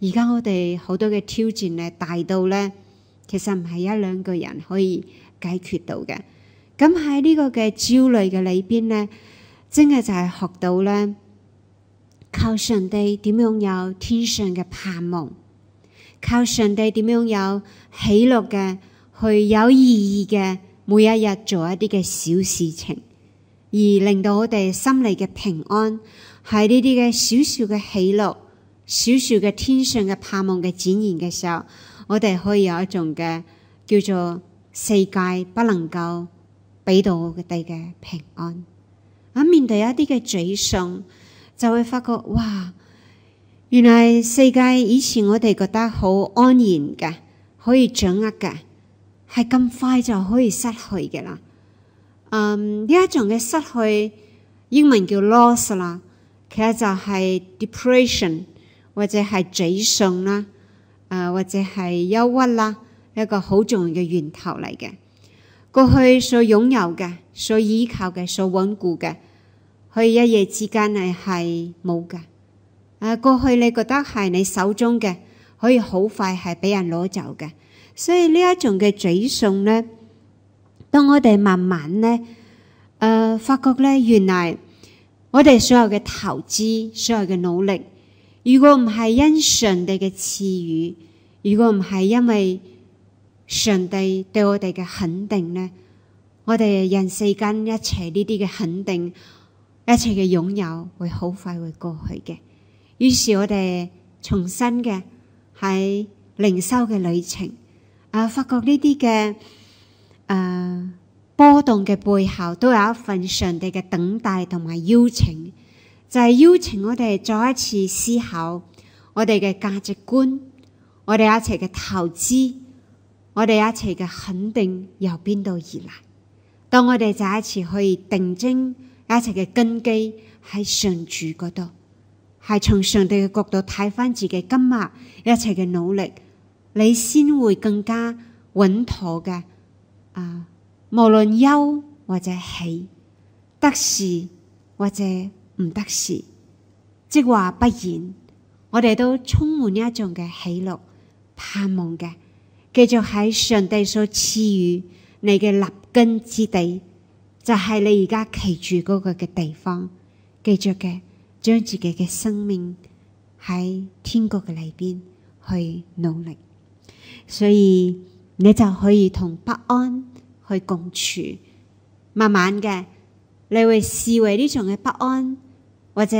而家我哋好多嘅挑戰咧，大到咧，其實唔係一兩個人可以解決到嘅。咁喺呢個嘅焦慮嘅裏邊咧，真係就係學到咧靠上帝點樣有天上嘅盼望，靠上帝點樣有喜樂嘅，去有意義嘅每一日做一啲嘅小事情，而令到我哋心理嘅平安。喺呢啲嘅小小嘅喜樂、小小嘅天上嘅盼望嘅展現嘅時候，我哋可以有一種嘅叫做世界不能夠畀到我哋嘅平安。啊，面對一啲嘅沮喪，就會發覺，哇，原來世界以前我哋覺得好安然嘅，可以掌握嘅，係咁快就可以失去嘅啦。嗯，呢一種嘅失去英文叫 loss 啦。其實就係 depression，或者係沮喪啦，誒、呃、或者係憂鬱啦，一個好重要嘅源頭嚟嘅。過去所擁有嘅、所依靠嘅、所穩固嘅，可以一夜之間係冇嘅。誒、呃、過去你覺得係你手中嘅，可以好快係俾人攞走嘅。所以呢一種嘅沮喪咧，當我哋慢慢咧，誒、呃、發覺咧，原來，我哋所有嘅投資，所有嘅努力，如果唔係因上帝嘅賜予，如果唔係因為上帝對我哋嘅肯定咧，我哋人世間一切呢啲嘅肯定，一切嘅擁有，會好快會過去嘅。於是我哋重新嘅喺靈修嘅旅程，啊，發覺呢啲嘅啊。呃波動嘅背後都有一份上帝嘅等待同埋邀請，就係邀請我哋再一次思考我哋嘅價值觀，我哋一齊嘅投資，我哋一齊嘅肯定由邊度而來。當我哋再一次去定睛一齊嘅根基喺上主嗰度，係從上帝嘅角度睇返自己今日一齊嘅努力，你先會更加穩妥嘅啊。無論憂或者喜，得時或者唔得時，即話不然，我哋都充滿一種嘅喜樂、盼望嘅。繼續喺上帝所賜予你嘅立根之地，就係、是、你而家企住嗰個嘅地方。繼續嘅將自己嘅生命喺天國嘅裏邊去努力，所以你就可以同不安去共處，慢慢嘅，你會視為呢種嘅不安，或者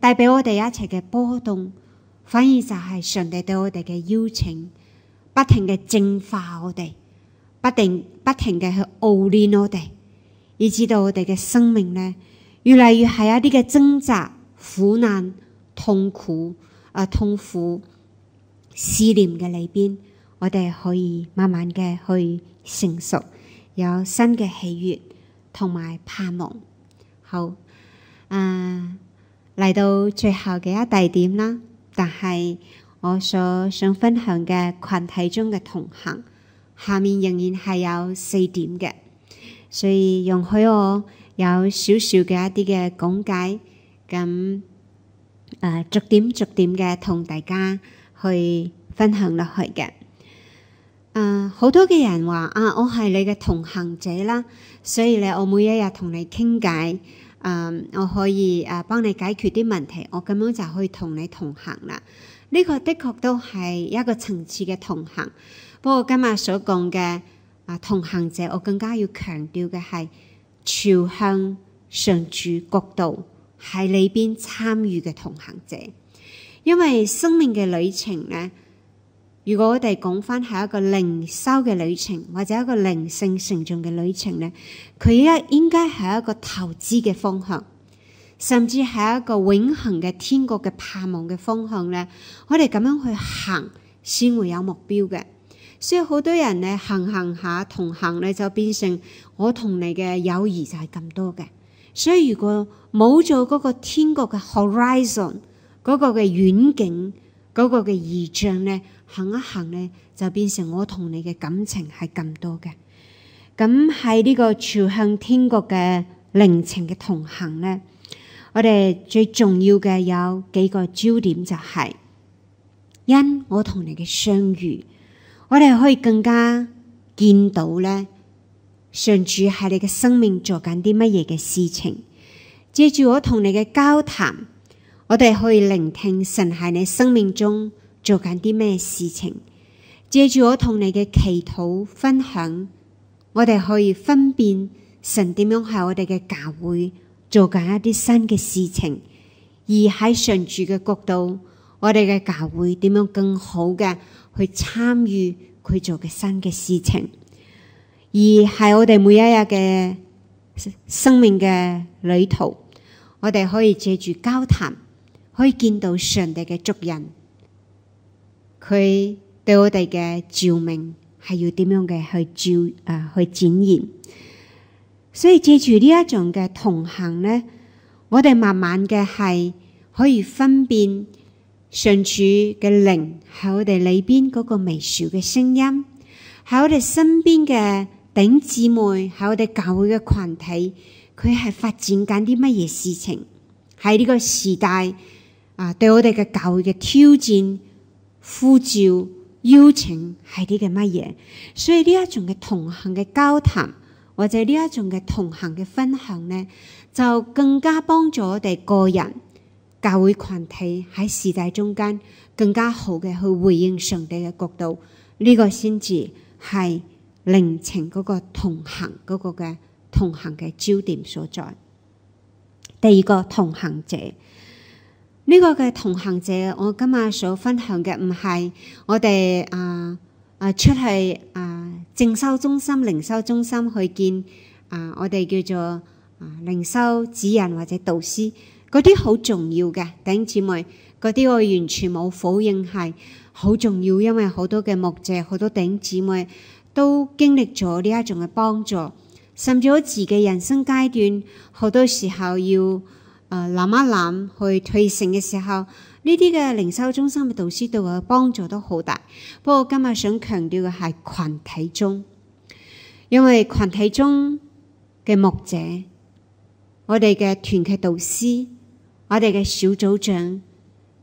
帶俾我哋一齊嘅波動，反而就係上帝對我哋嘅邀請，不停嘅淨化我哋，不停不停嘅去熬煉我哋，以至到我哋嘅生命咧，越嚟越係一啲嘅掙扎、苦難、痛苦啊，痛苦思念嘅裏邊，我哋可以慢慢嘅去成熟。有新嘅喜悅同埋盼望，好，誒、啊、嚟到最後嘅一大點啦。但係我所想分享嘅群體中嘅同行，下面仍然係有四點嘅，所以容許我有少少嘅一啲嘅講解，咁、嗯啊、逐點逐點嘅同大家去分享落去嘅。呃、好多嘅人話啊，我係你嘅同行者啦，所以咧我每一日同你傾偈，啊、呃，我可以啊、呃、幫你解決啲問題，我咁樣就可以同你同行啦。呢個的確都係一個層次嘅同行，不過今日所講嘅啊同行者，我更加要強調嘅係朝向上主角度喺裏邊參與嘅同行者，因為生命嘅旅程咧。如果我哋講翻係一個靈修嘅旅程，或者一個靈性成長嘅旅程咧，佢應該係一個投資嘅方向，甚至係一個永恆嘅天國嘅盼望嘅方向咧。我哋咁樣去行先會有目標嘅。所以好多人咧行行下同行咧，就變成我同你嘅友誼就係咁多嘅。所以如果冇咗嗰個天國嘅 horizon 嗰個嘅遠景，嗰個嘅意象咧。行一行咧，就變成我同你嘅感情係咁多嘅。咁喺呢個朝向天國嘅靈程嘅同行咧，我哋最重要嘅有幾個焦點就係、是、因我同你嘅相遇，我哋可以更加見到咧上主喺你嘅生命做緊啲乜嘢嘅事情。借住我同你嘅交談，我哋可以聆聽神喺你生命中，做緊啲咩事情？借住我同你嘅祈禱分享，我哋可以分辨神點樣喺我哋嘅教會做緊一啲新嘅事情，而喺上主嘅角度，我哋嘅教會點樣更好嘅去參與佢做嘅新嘅事情，而係我哋每一日嘅生命嘅旅途，我哋可以借住交談，可以見到上帝嘅足印。佢對我哋嘅照明係要點樣嘅去照啊、呃，去展現，所以借住呢一種嘅同行咧，我哋慢慢嘅係可以分辨上主嘅靈喺我哋裏邊嗰個微小嘅聲音，喺我哋身邊嘅頂姊妹，喺我哋教會嘅群體，佢係發展緊啲乜嘢事情？喺呢個時代啊、呃，對我哋嘅教會嘅挑戰。呼召邀請係啲嘅乜嘢？所以呢一種嘅同行嘅交談，或者呢一種嘅同行嘅分享呢，就更加幫助我哋個人、教會群體喺時代中間更加好嘅去回應上帝嘅角度。呢、這個先至係靈旅嗰個同行嗰個嘅同行嘅焦點所在。第二個同行者。呢個嘅同行者，我今日所分享嘅唔係我哋啊啊出去啊靜修中心、靈修中心去見啊我哋叫做啊靈修指引或者導師嗰啲好重要嘅頂姊妹，嗰啲我完全冇否認係好重要，因為好多嘅牧者、好多頂姊妹都經歷咗呢一種嘅幫助，甚至乎自己人生階段好多時候要。啊諗一諗去退城嘅時候，呢啲嘅靈修中心嘅導師對我幫助都好大。不過今日想強調嘅係群體中，因為群體中嘅牧者，我哋嘅團體導師，我哋嘅小組長，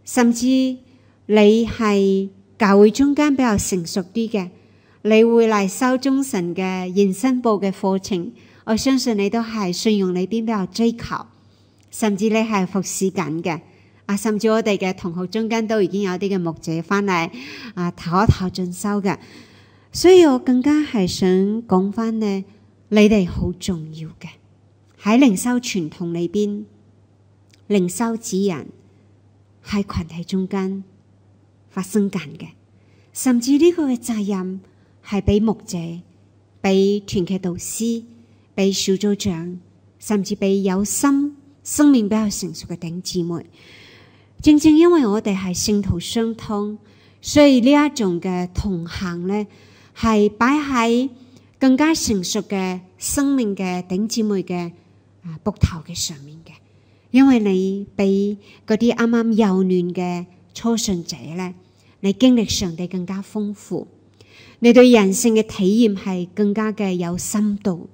甚至你係教會中間比較成熟啲嘅，你會嚟修中神嘅延伸部嘅課程，我相信你都係信用你邊比較追求。甚至你係服侍緊嘅啊！甚至我哋嘅同學中間都已經有啲嘅牧者翻嚟啊，唞一唞進修嘅，所以我更加係想講翻呢，你哋好重要嘅喺靈修傳統裏邊，靈修指引喺群體中間發生緊嘅，甚至呢個嘅責任係俾牧者、俾團契導師、俾小組長，甚至俾有心。生命比較成熟嘅頂姊妹，正正因為我哋係聖徒相通，所以呢一種嘅同行呢，係擺喺更加成熟嘅生命嘅頂姊妹嘅啊膊頭嘅上面嘅。因為你比嗰啲啱啱幼嫩嘅初信者呢，你經歷上帝更加豐富，你對人性嘅體驗係更加嘅有深度，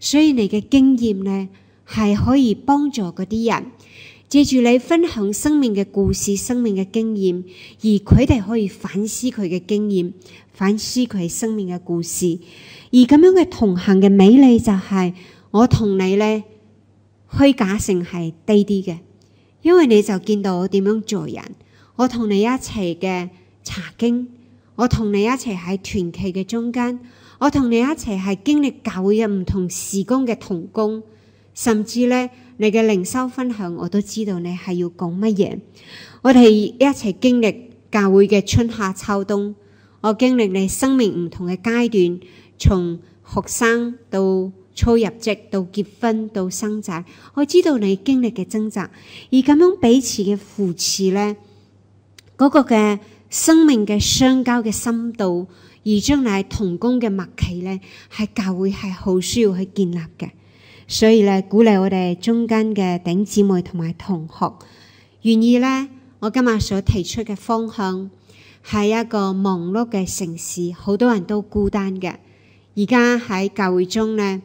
所以你嘅經驗呢。係可以幫助嗰啲人，借住你分享生命嘅故事、生命嘅經驗，而佢哋可以反思佢嘅經驗，反思佢生命嘅故事。而咁樣嘅同行嘅美麗就係、是，我同你呢，虛假性係低啲嘅，因為你就見到我點樣做人。我同你一齊嘅查經，我同你一齊喺團契嘅中間，我同你一齊係經歷教會嘅唔同時光嘅同工。甚至咧，你嘅靈修分享，我都知道你係要講乜嘢。我哋一齊經歷教會嘅春夏秋冬，我經歷你生命唔同嘅階段，從學生到初入職，到結婚到生仔，我知道你經歷嘅掙扎，而咁樣彼此嘅扶持咧，嗰個嘅生命嘅相交嘅深度，而將你係同工嘅默契咧，係教會係好需要去建立嘅。所以咧，鼓勵我哋中間嘅頂姊妹同埋同學願意咧。我今日所提出嘅方向係一個忙碌嘅城市，好多人都孤單嘅。而家喺教會中咧，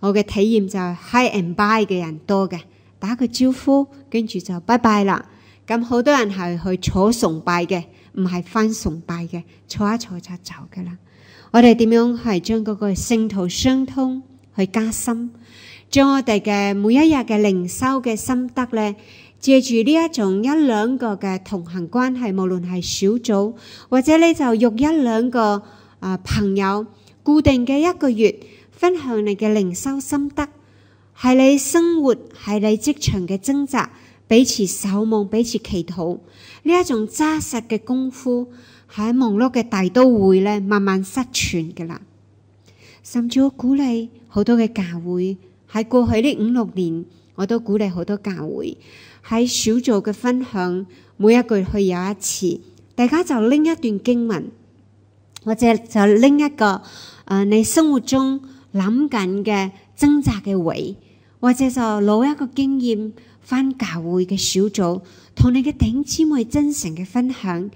我嘅體驗就係 high and bye 嘅人多嘅，打個招呼跟住就拜拜啦。咁好多人係去坐崇拜嘅，唔係返崇拜嘅，坐一坐就走㗎喇。我哋點樣係將嗰個聖徒相通去加深？將我哋嘅每一日嘅靈修嘅心得咧，借住呢一種一兩個嘅同行關係，無論係小組或者你就約一兩個啊朋友，固定嘅一個月分享你嘅靈修心得，係你生活係你職場嘅掙扎，彼此守望，彼此祈禱呢一種紮實嘅功夫，喺忙碌嘅大都會咧，慢慢失傳㗎喇。甚至我鼓勵好多嘅教會。喺過去呢五六年，我都鼓勵好多教會喺小組嘅分享，每一句去有一次，大家就拎一段經文，或者就拎一個誒、呃、你生活中諗緊嘅掙扎嘅位，或者就攞一個經驗返教會嘅小組，同你嘅弟兄姊妹真誠嘅分享，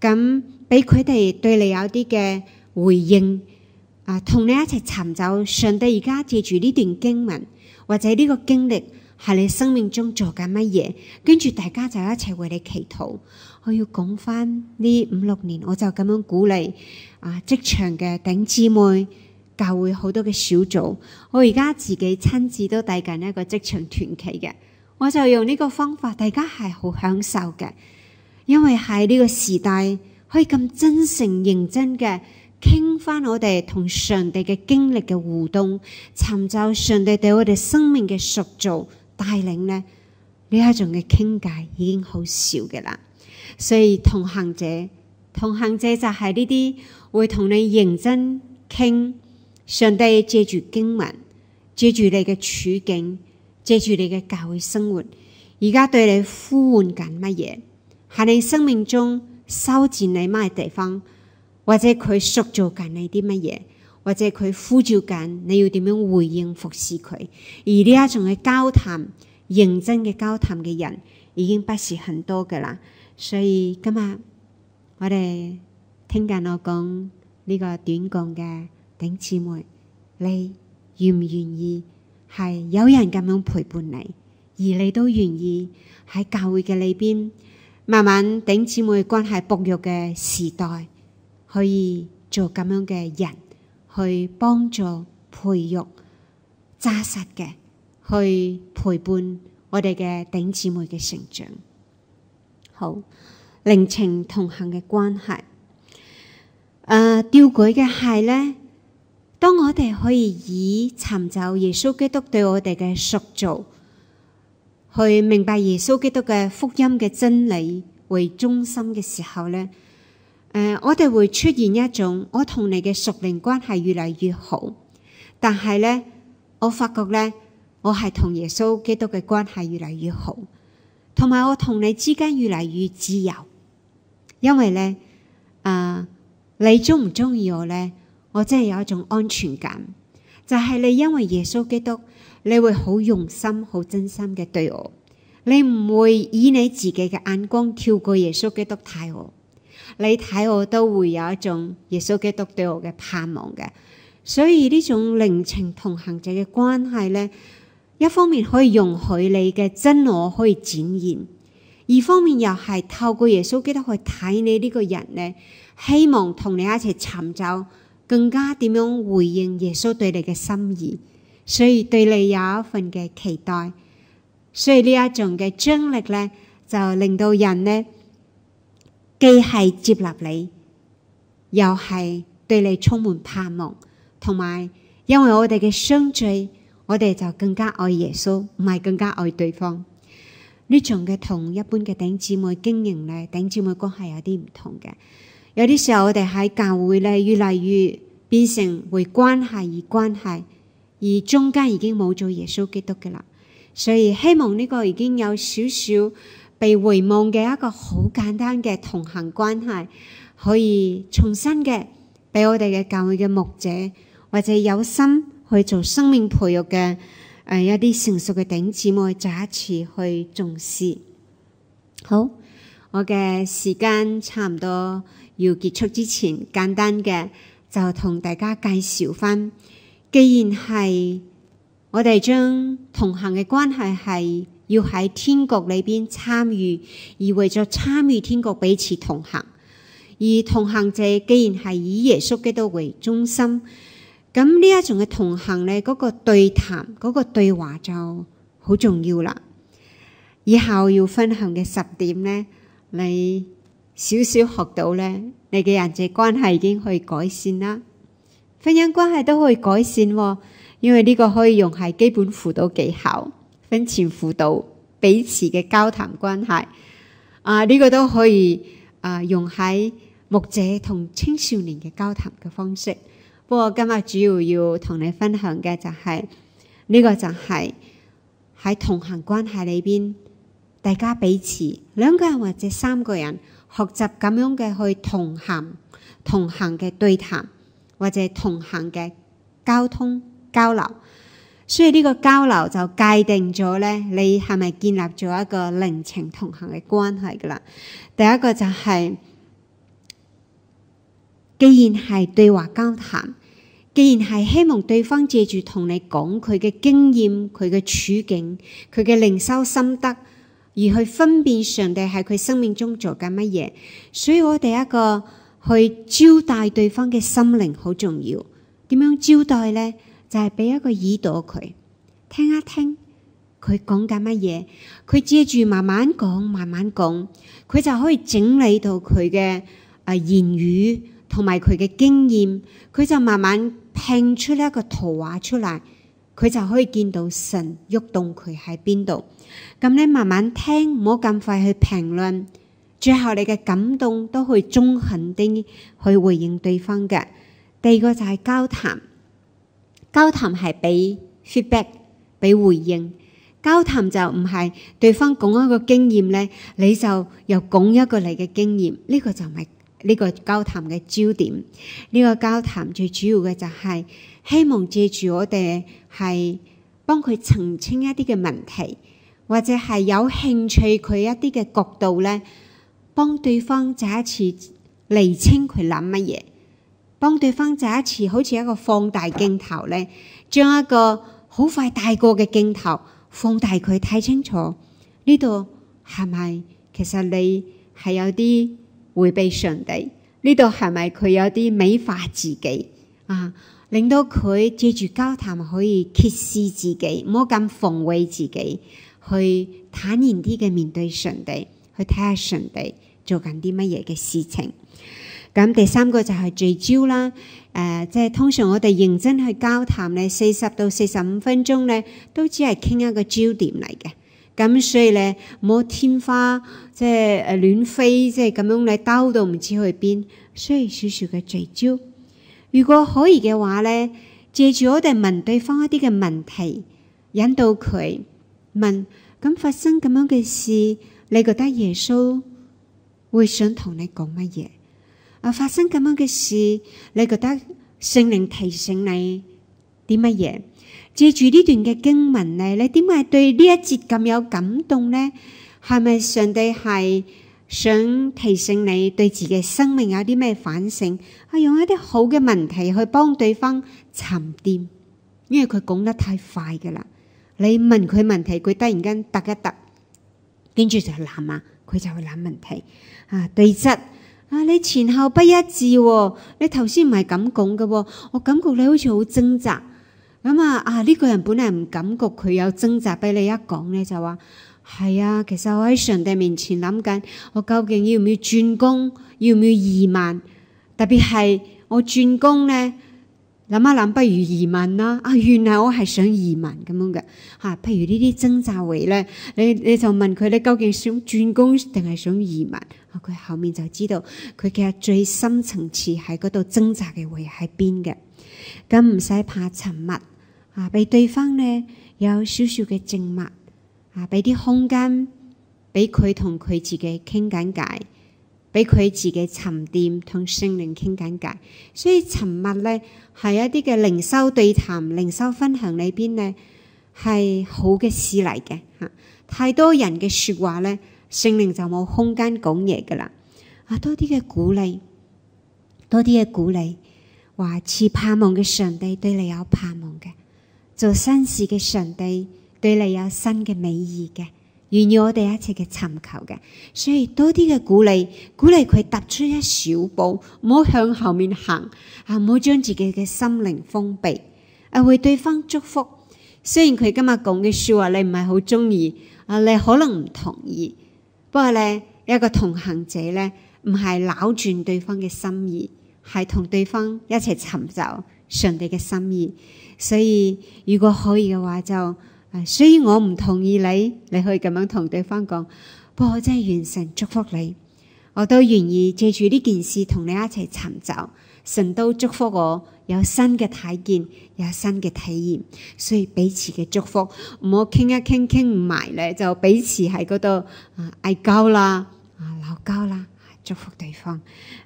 咁俾佢哋對你有啲嘅回應。啊，同你一齊尋找上帝，而家借住呢段經文或者呢個經歷，係你生命中做緊乜嘢？跟住大家就一齊為你祈禱。我要講返呢五六年，我就咁樣鼓勵啊，職場嘅頂姊妹，教會好多嘅小組，我而家自己親自都帶緊一個職場團契嘅，我就用呢個方法，大家係好享受嘅，因為喺呢個時代可以咁真誠認真嘅。傾翻我哋同上帝嘅經歷嘅互動，尋找上帝對我哋生命嘅塑造帶領呢。呢一種嘅傾偈已經好少嘅啦。所以同行者，同行者就係呢啲會同你認真傾上帝借住經文，借住你嘅處境，借住你嘅教會生活，而家對你呼喚緊乜嘢？喺你生命中修剪你乜嘢地方？或者佢塑造緊你啲乜嘢，或者佢呼召緊你要點樣回應服侍佢。而呢一種嘅交談，認真嘅交談嘅人已經不是很多㗎喇。所以今日我哋聽緊我講呢、這個短講嘅頂姊妹，你願唔願意係有人咁樣陪伴你，而你都願意喺教會嘅裏邊慢慢頂姊妹關係薄弱嘅時代。可以做咁樣嘅人，去幫助培育紮實嘅，去陪伴我哋嘅頂姊妹嘅成長。好，靈情同行嘅關係。誒，吊詭嘅係咧，當我哋可以以尋找耶穌基督對我哋嘅塑造，去明白耶穌基督嘅福音嘅真理為中心嘅時候咧。呃、我哋會出現一種我同你嘅屬靈關係越嚟越好，但係咧，我發覺咧，我係同耶穌基督嘅關係越嚟越好，同埋我同你之間越嚟越自由，因為咧，啊、呃，你鍾唔鍾意我咧？我真係有一種安全感，就係、是、你因為耶穌基督，你會好用心、好真心嘅對我，你唔會以你自己嘅眼光跳過耶穌基督睇我。你睇我都會有一種耶穌基督對我嘅盼望嘅，所以呢種靈程同行者嘅關係咧，一方面可以容許你嘅真我可以展現，二方面又係透過耶穌基督去睇你呢個人咧，希望同你一齊尋找更加點樣回應耶穌對你嘅心意，所以對你有一份嘅期待，所以呢一種嘅張力咧，就令到人咧。既係接納你，又係對你充滿盼望，同埋，因為我哋嘅相聚，我哋就更加愛耶穌，唔係更加愛對方。呢種嘅同一般嘅頂姊妹經營咧，頂姊妹關係有啲唔同嘅。有啲時候我哋喺教會咧，越嚟越變成為關係而關係，而中間已經冇咗耶穌基督嘅啦。所以希望呢個已經有少少，被回望嘅一個好簡單嘅同行關係，可以重新嘅畀我哋嘅教會嘅牧者，或者有心去做生命培育嘅誒、呃、一啲成熟嘅頂姊妹，再一次去重視。好，我嘅時間差唔多要結束之前，簡單嘅就同大家介紹返，既然係我哋將同行嘅關係係。要喺天國裏邊參與，而為咗參與天國，彼此同行。而同行者既然係以耶穌基督為中心，咁呢一種嘅同行咧，嗰、那個對談、嗰、那個對話就好重要啦。以後要分享嘅十點咧，你少少學到咧，你嘅人際關係已經可以改善啦，婚姻關係都可以改善，哦，因為呢個可以用係基本輔導技巧。婚前輔導，彼此嘅交談關係，啊呢、這個都可以啊用喺牧者同青少年嘅交談嘅方式。不過今日主要要同你分享嘅就係、是、呢、這個就係、是、喺同行關係裏邊，大家彼此兩個人或者三個人學習咁樣嘅去同行、同行嘅對談或者同行嘅交通交流。所以呢個交流就界定咗咧，你係咪建立咗一個靈程同行嘅關係㗎喇？第一個就係、是，既然係對話交談，既然係希望對方借住同你講佢嘅經驗、佢嘅處境、佢嘅靈修心得，而去分辨上帝喺佢生命中做緊乜嘢，所以我哋一個去招待對方嘅心靈好重要。點樣招待咧？就係畀一個耳朵佢聽一聽，佢講緊乜嘢，佢借住慢慢講，慢慢講，佢就可以整理到佢嘅誒言語同埋佢嘅經驗，佢就慢慢拼出一個圖畫出嚟，佢就可以見到神喐動佢喺邊度。咁你慢慢聽，唔好咁快去評論，最後你嘅感動都可以中肯啲去回應對方嘅。第二個就係交談。交談係畀 feedback，畀回應。交談就唔係對方講一個經驗咧，你就又講一個你嘅經驗。呢個就唔係呢個交談嘅焦點。呢個交談最主要嘅就係希望借住我哋係幫佢澄清一啲嘅問題，或者係有興趣佢一啲嘅角度咧，幫對方再一次釐清佢諗乜嘢。幫對方就一次，好似一個放大鏡頭咧，將一個好快帶過嘅鏡頭放大佢睇清楚。呢度係咪其實你係有啲迴避上帝？呢度係咪佢有啲美化自己啊？令到佢借住交談可以揭示自己，唔好咁防衞自己，去坦然啲嘅面對上帝，去睇下上帝做緊啲乜嘢嘅事情。咁第三個就係聚焦啦，誒、呃，即係通常我哋認真去交談咧，四十到四十五分鐘咧，都只係傾一個焦點嚟嘅。咁所以咧，冇天花即係誒亂飛，即係咁樣嚟兜到唔知去邊，需要少少嘅聚焦。如果可以嘅話咧，借住我哋問對方一啲嘅問題，引導佢問咁發生咁樣嘅事，你覺得耶穌會想同你講乜嘢？啊！發生咁樣嘅事，你覺得聖靈提醒你啲乜嘢？借住呢段嘅經文咧，你點解對呢一節咁有感動咧？係咪上帝係想提醒你對自己生命有啲咩反省？啊，用一啲好嘅問題去幫對方沉澱，因為佢講得太快噶啦。你問佢問題，佢突然間答一答，跟住就冷啊，佢就冷問題啊。第七。啊！你前後不一致、喎，你頭先唔係咁講嘅，我感覺你好似好掙扎。咁、嗯、啊啊！呢、呢個人本來唔感覺佢有掙扎，畀你一講咧就話係啊。其實我喺上帝面前諗緊，我究竟要唔要轉工，要唔要移民？特別係我轉工咧。諗一諗，不如移民啦！啊，原來我係想移民咁樣嘅嚇。譬、啊、如掙呢啲掙扎位咧，你你就問佢，你究竟想轉工定係想移民？啊，佢後面就知道佢嘅最深層次喺嗰度掙扎嘅位喺邊嘅。咁唔使怕沉默啊，俾對方咧有少少嘅靜默啊，俾啲空間畀佢同佢自己傾緊偈。畀佢自己沉澱，同聖靈傾緊偈，所以沉默咧係一啲嘅靈修對談、靈修分享裏邊咧係好嘅事嚟嘅吓。太多人嘅說話咧，聖靈就冇空間講嘢噶啦。啊，多啲嘅鼓勵，多啲嘅鼓勵，話似盼望嘅上帝對你有盼望嘅，做新事嘅上帝對你有新嘅美意嘅。願意我哋一齊嘅尋求嘅，所以多啲嘅鼓勵，鼓勵佢踏出一小步，唔好向後面行，啊，唔好將自己嘅心靈封閉，啊，為對方祝福。雖然佢今日講嘅說話你唔係好中意，啊，你可能唔同意，不過咧一個同行者咧，唔係扭轉對方嘅心意，係同對方一齊尋找上帝嘅心意。所以如果可以嘅話就。所以我唔同意你，你可以咁樣同對方講，不過我真係完全祝福你，我都願意借住呢件事同你一齊尋找，神都祝福我有新嘅睇見，有新嘅體，體驗，所以彼此嘅祝福，唔好傾一傾傾唔埋咧，就彼此喺嗰度嗌交啦，啊、鬧交啦，祝福對方，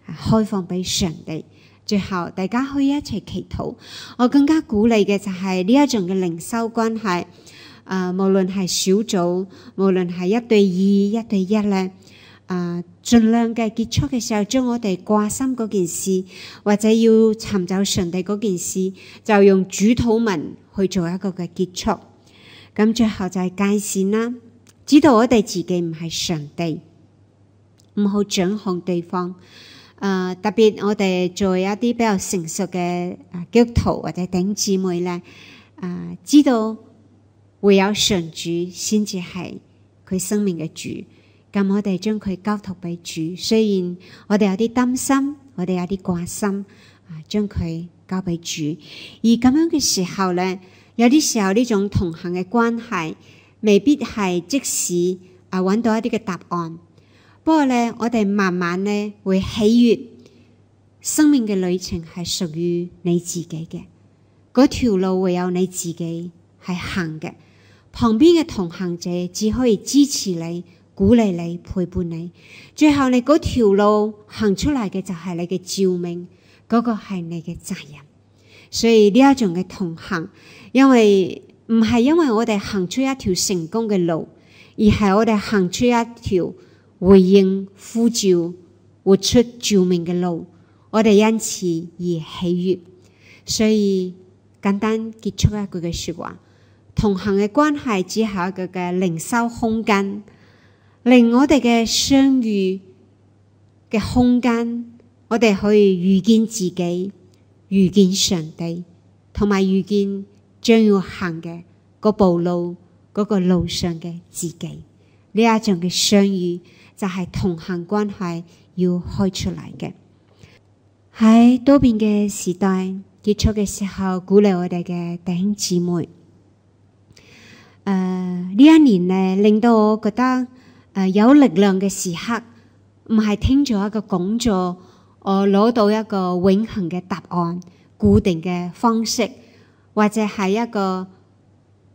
啊、開放俾上帝，最後大家可以一齊祈禱。我更加鼓勵嘅就係呢一種嘅靈修關係。啊，無論係小組，無論係一對二、一對一咧，啊，盡量嘅結束嘅時候，將我哋掛心嗰件事，或者要尋找上帝嗰件事，就用主禱文去做一個嘅結束。咁最後就係界線啦，知道我哋自己唔係上帝，唔好掌控對方。誒，特別我哋做一啲比較成熟嘅啊，基督徒或者頂姊妹咧，啊，知道。唯有上主先至係佢生命嘅主，咁我哋將佢交託畀主。雖然我哋有啲擔心，我哋有啲掛心，啊，將佢交俾主。而咁樣嘅時候咧，有啲時候呢種同行嘅關係未必係即使啊搵到一啲嘅答案。不過咧，我哋慢慢咧會喜悅，生命嘅旅程係屬於你自己嘅，嗰條路唯有你自己係行嘅。旁邊嘅同行者只可以支持你、鼓勵你、陪伴你。最後你嗰條路行出嚟嘅就係你嘅照明，嗰個係你嘅責任。所以呢一種嘅同行，因為唔係因為我哋行出一條成功嘅路，而係我哋行出一條回應呼召、活出照明嘅路。我哋因此而喜悦。所以簡單結束一句嘅說話。同行嘅關係之下，佢嘅靈修空間，令我哋嘅相遇嘅空間，我哋可以遇見自己，遇見上帝，同埋遇見將要行嘅個步路，嗰個路上嘅自己呢一種嘅相遇，就係同行關係要開出嚟嘅。喺多變嘅時代結束嘅時候，鼓勵我哋嘅弟兄姊妹。誒，呢一年咧，令到我覺得誒有力量嘅時刻，唔係聽咗一個講座，我攞到一個永恆嘅答案，固定嘅方式，或者係一個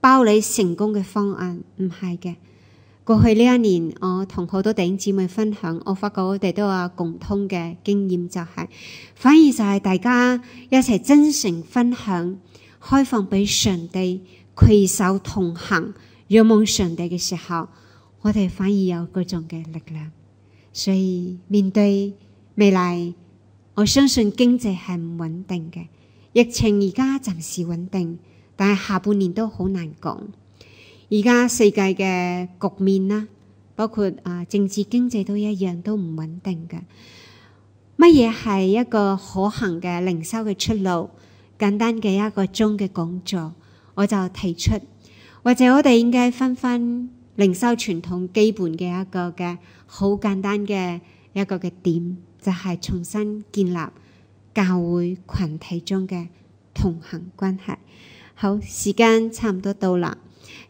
包你成功嘅方案，唔係嘅。過去呢一年，我同好多弟兄姊妹分享，我發覺我哋都有共通嘅經驗就係，反而就係大家一齊真誠分享，開放俾上帝。攜手同行，仰望上帝嘅時候，我哋反而有嗰種嘅力量。所以面對未來，我相信經濟係唔穩定嘅。疫情而家暫時穩定，但係下半年都好難講。而家世界嘅局面啦，包括啊政治經濟都一樣都唔穩定嘅。乜嘢係一個可行嘅靈修嘅出路？簡單嘅一個鐘嘅講座。我就提出，或者我哋應該分分靈修傳統基本嘅一個嘅好簡單嘅一個嘅點，就係、是、重新建立教會群體中嘅同行關係。好，時間差唔多到啦，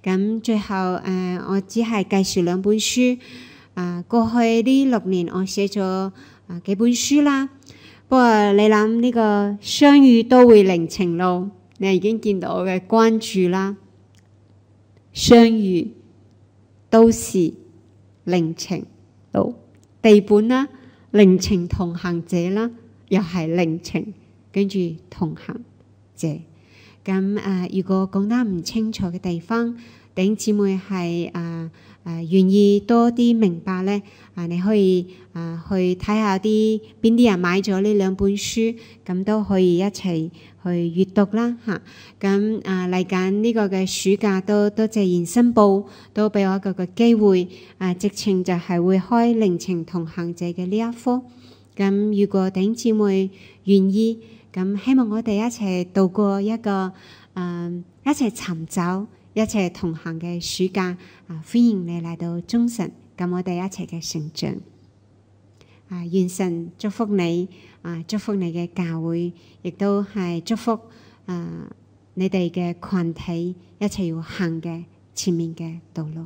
咁最後誒、呃，我只係介紹兩本書啊、呃，過去呢六年我寫咗啊幾本書啦，不過你諗呢、這個相遇都會靈程路。你已經見到我嘅關注啦，相遇都是靈程，凌道地本啦，靈程同行者啦，又係靈程跟住同行者。咁啊、呃，如果講得唔清楚嘅地方，弟兄姊妹係啊啊願意多啲明白咧啊、呃，你可以啊、呃、去睇下啲邊啲人買咗呢兩本書，咁都可以一齊。去閱讀啦嚇，咁啊嚟緊呢個嘅暑假都多謝延伸部，都俾我一個機會啊！直情就係會開靈程同行者嘅呢一科，咁如果頂姊妹願意，咁希望我哋一齊度過一個誒一齊尋找、一齊同行嘅暑假啊！歡迎你嚟到中神，咁我哋一齊嘅成長啊！願神祝福你。啊！祝福你嘅教會，亦都係祝福啊、呃！你哋嘅群體一齊要行嘅前面嘅道路。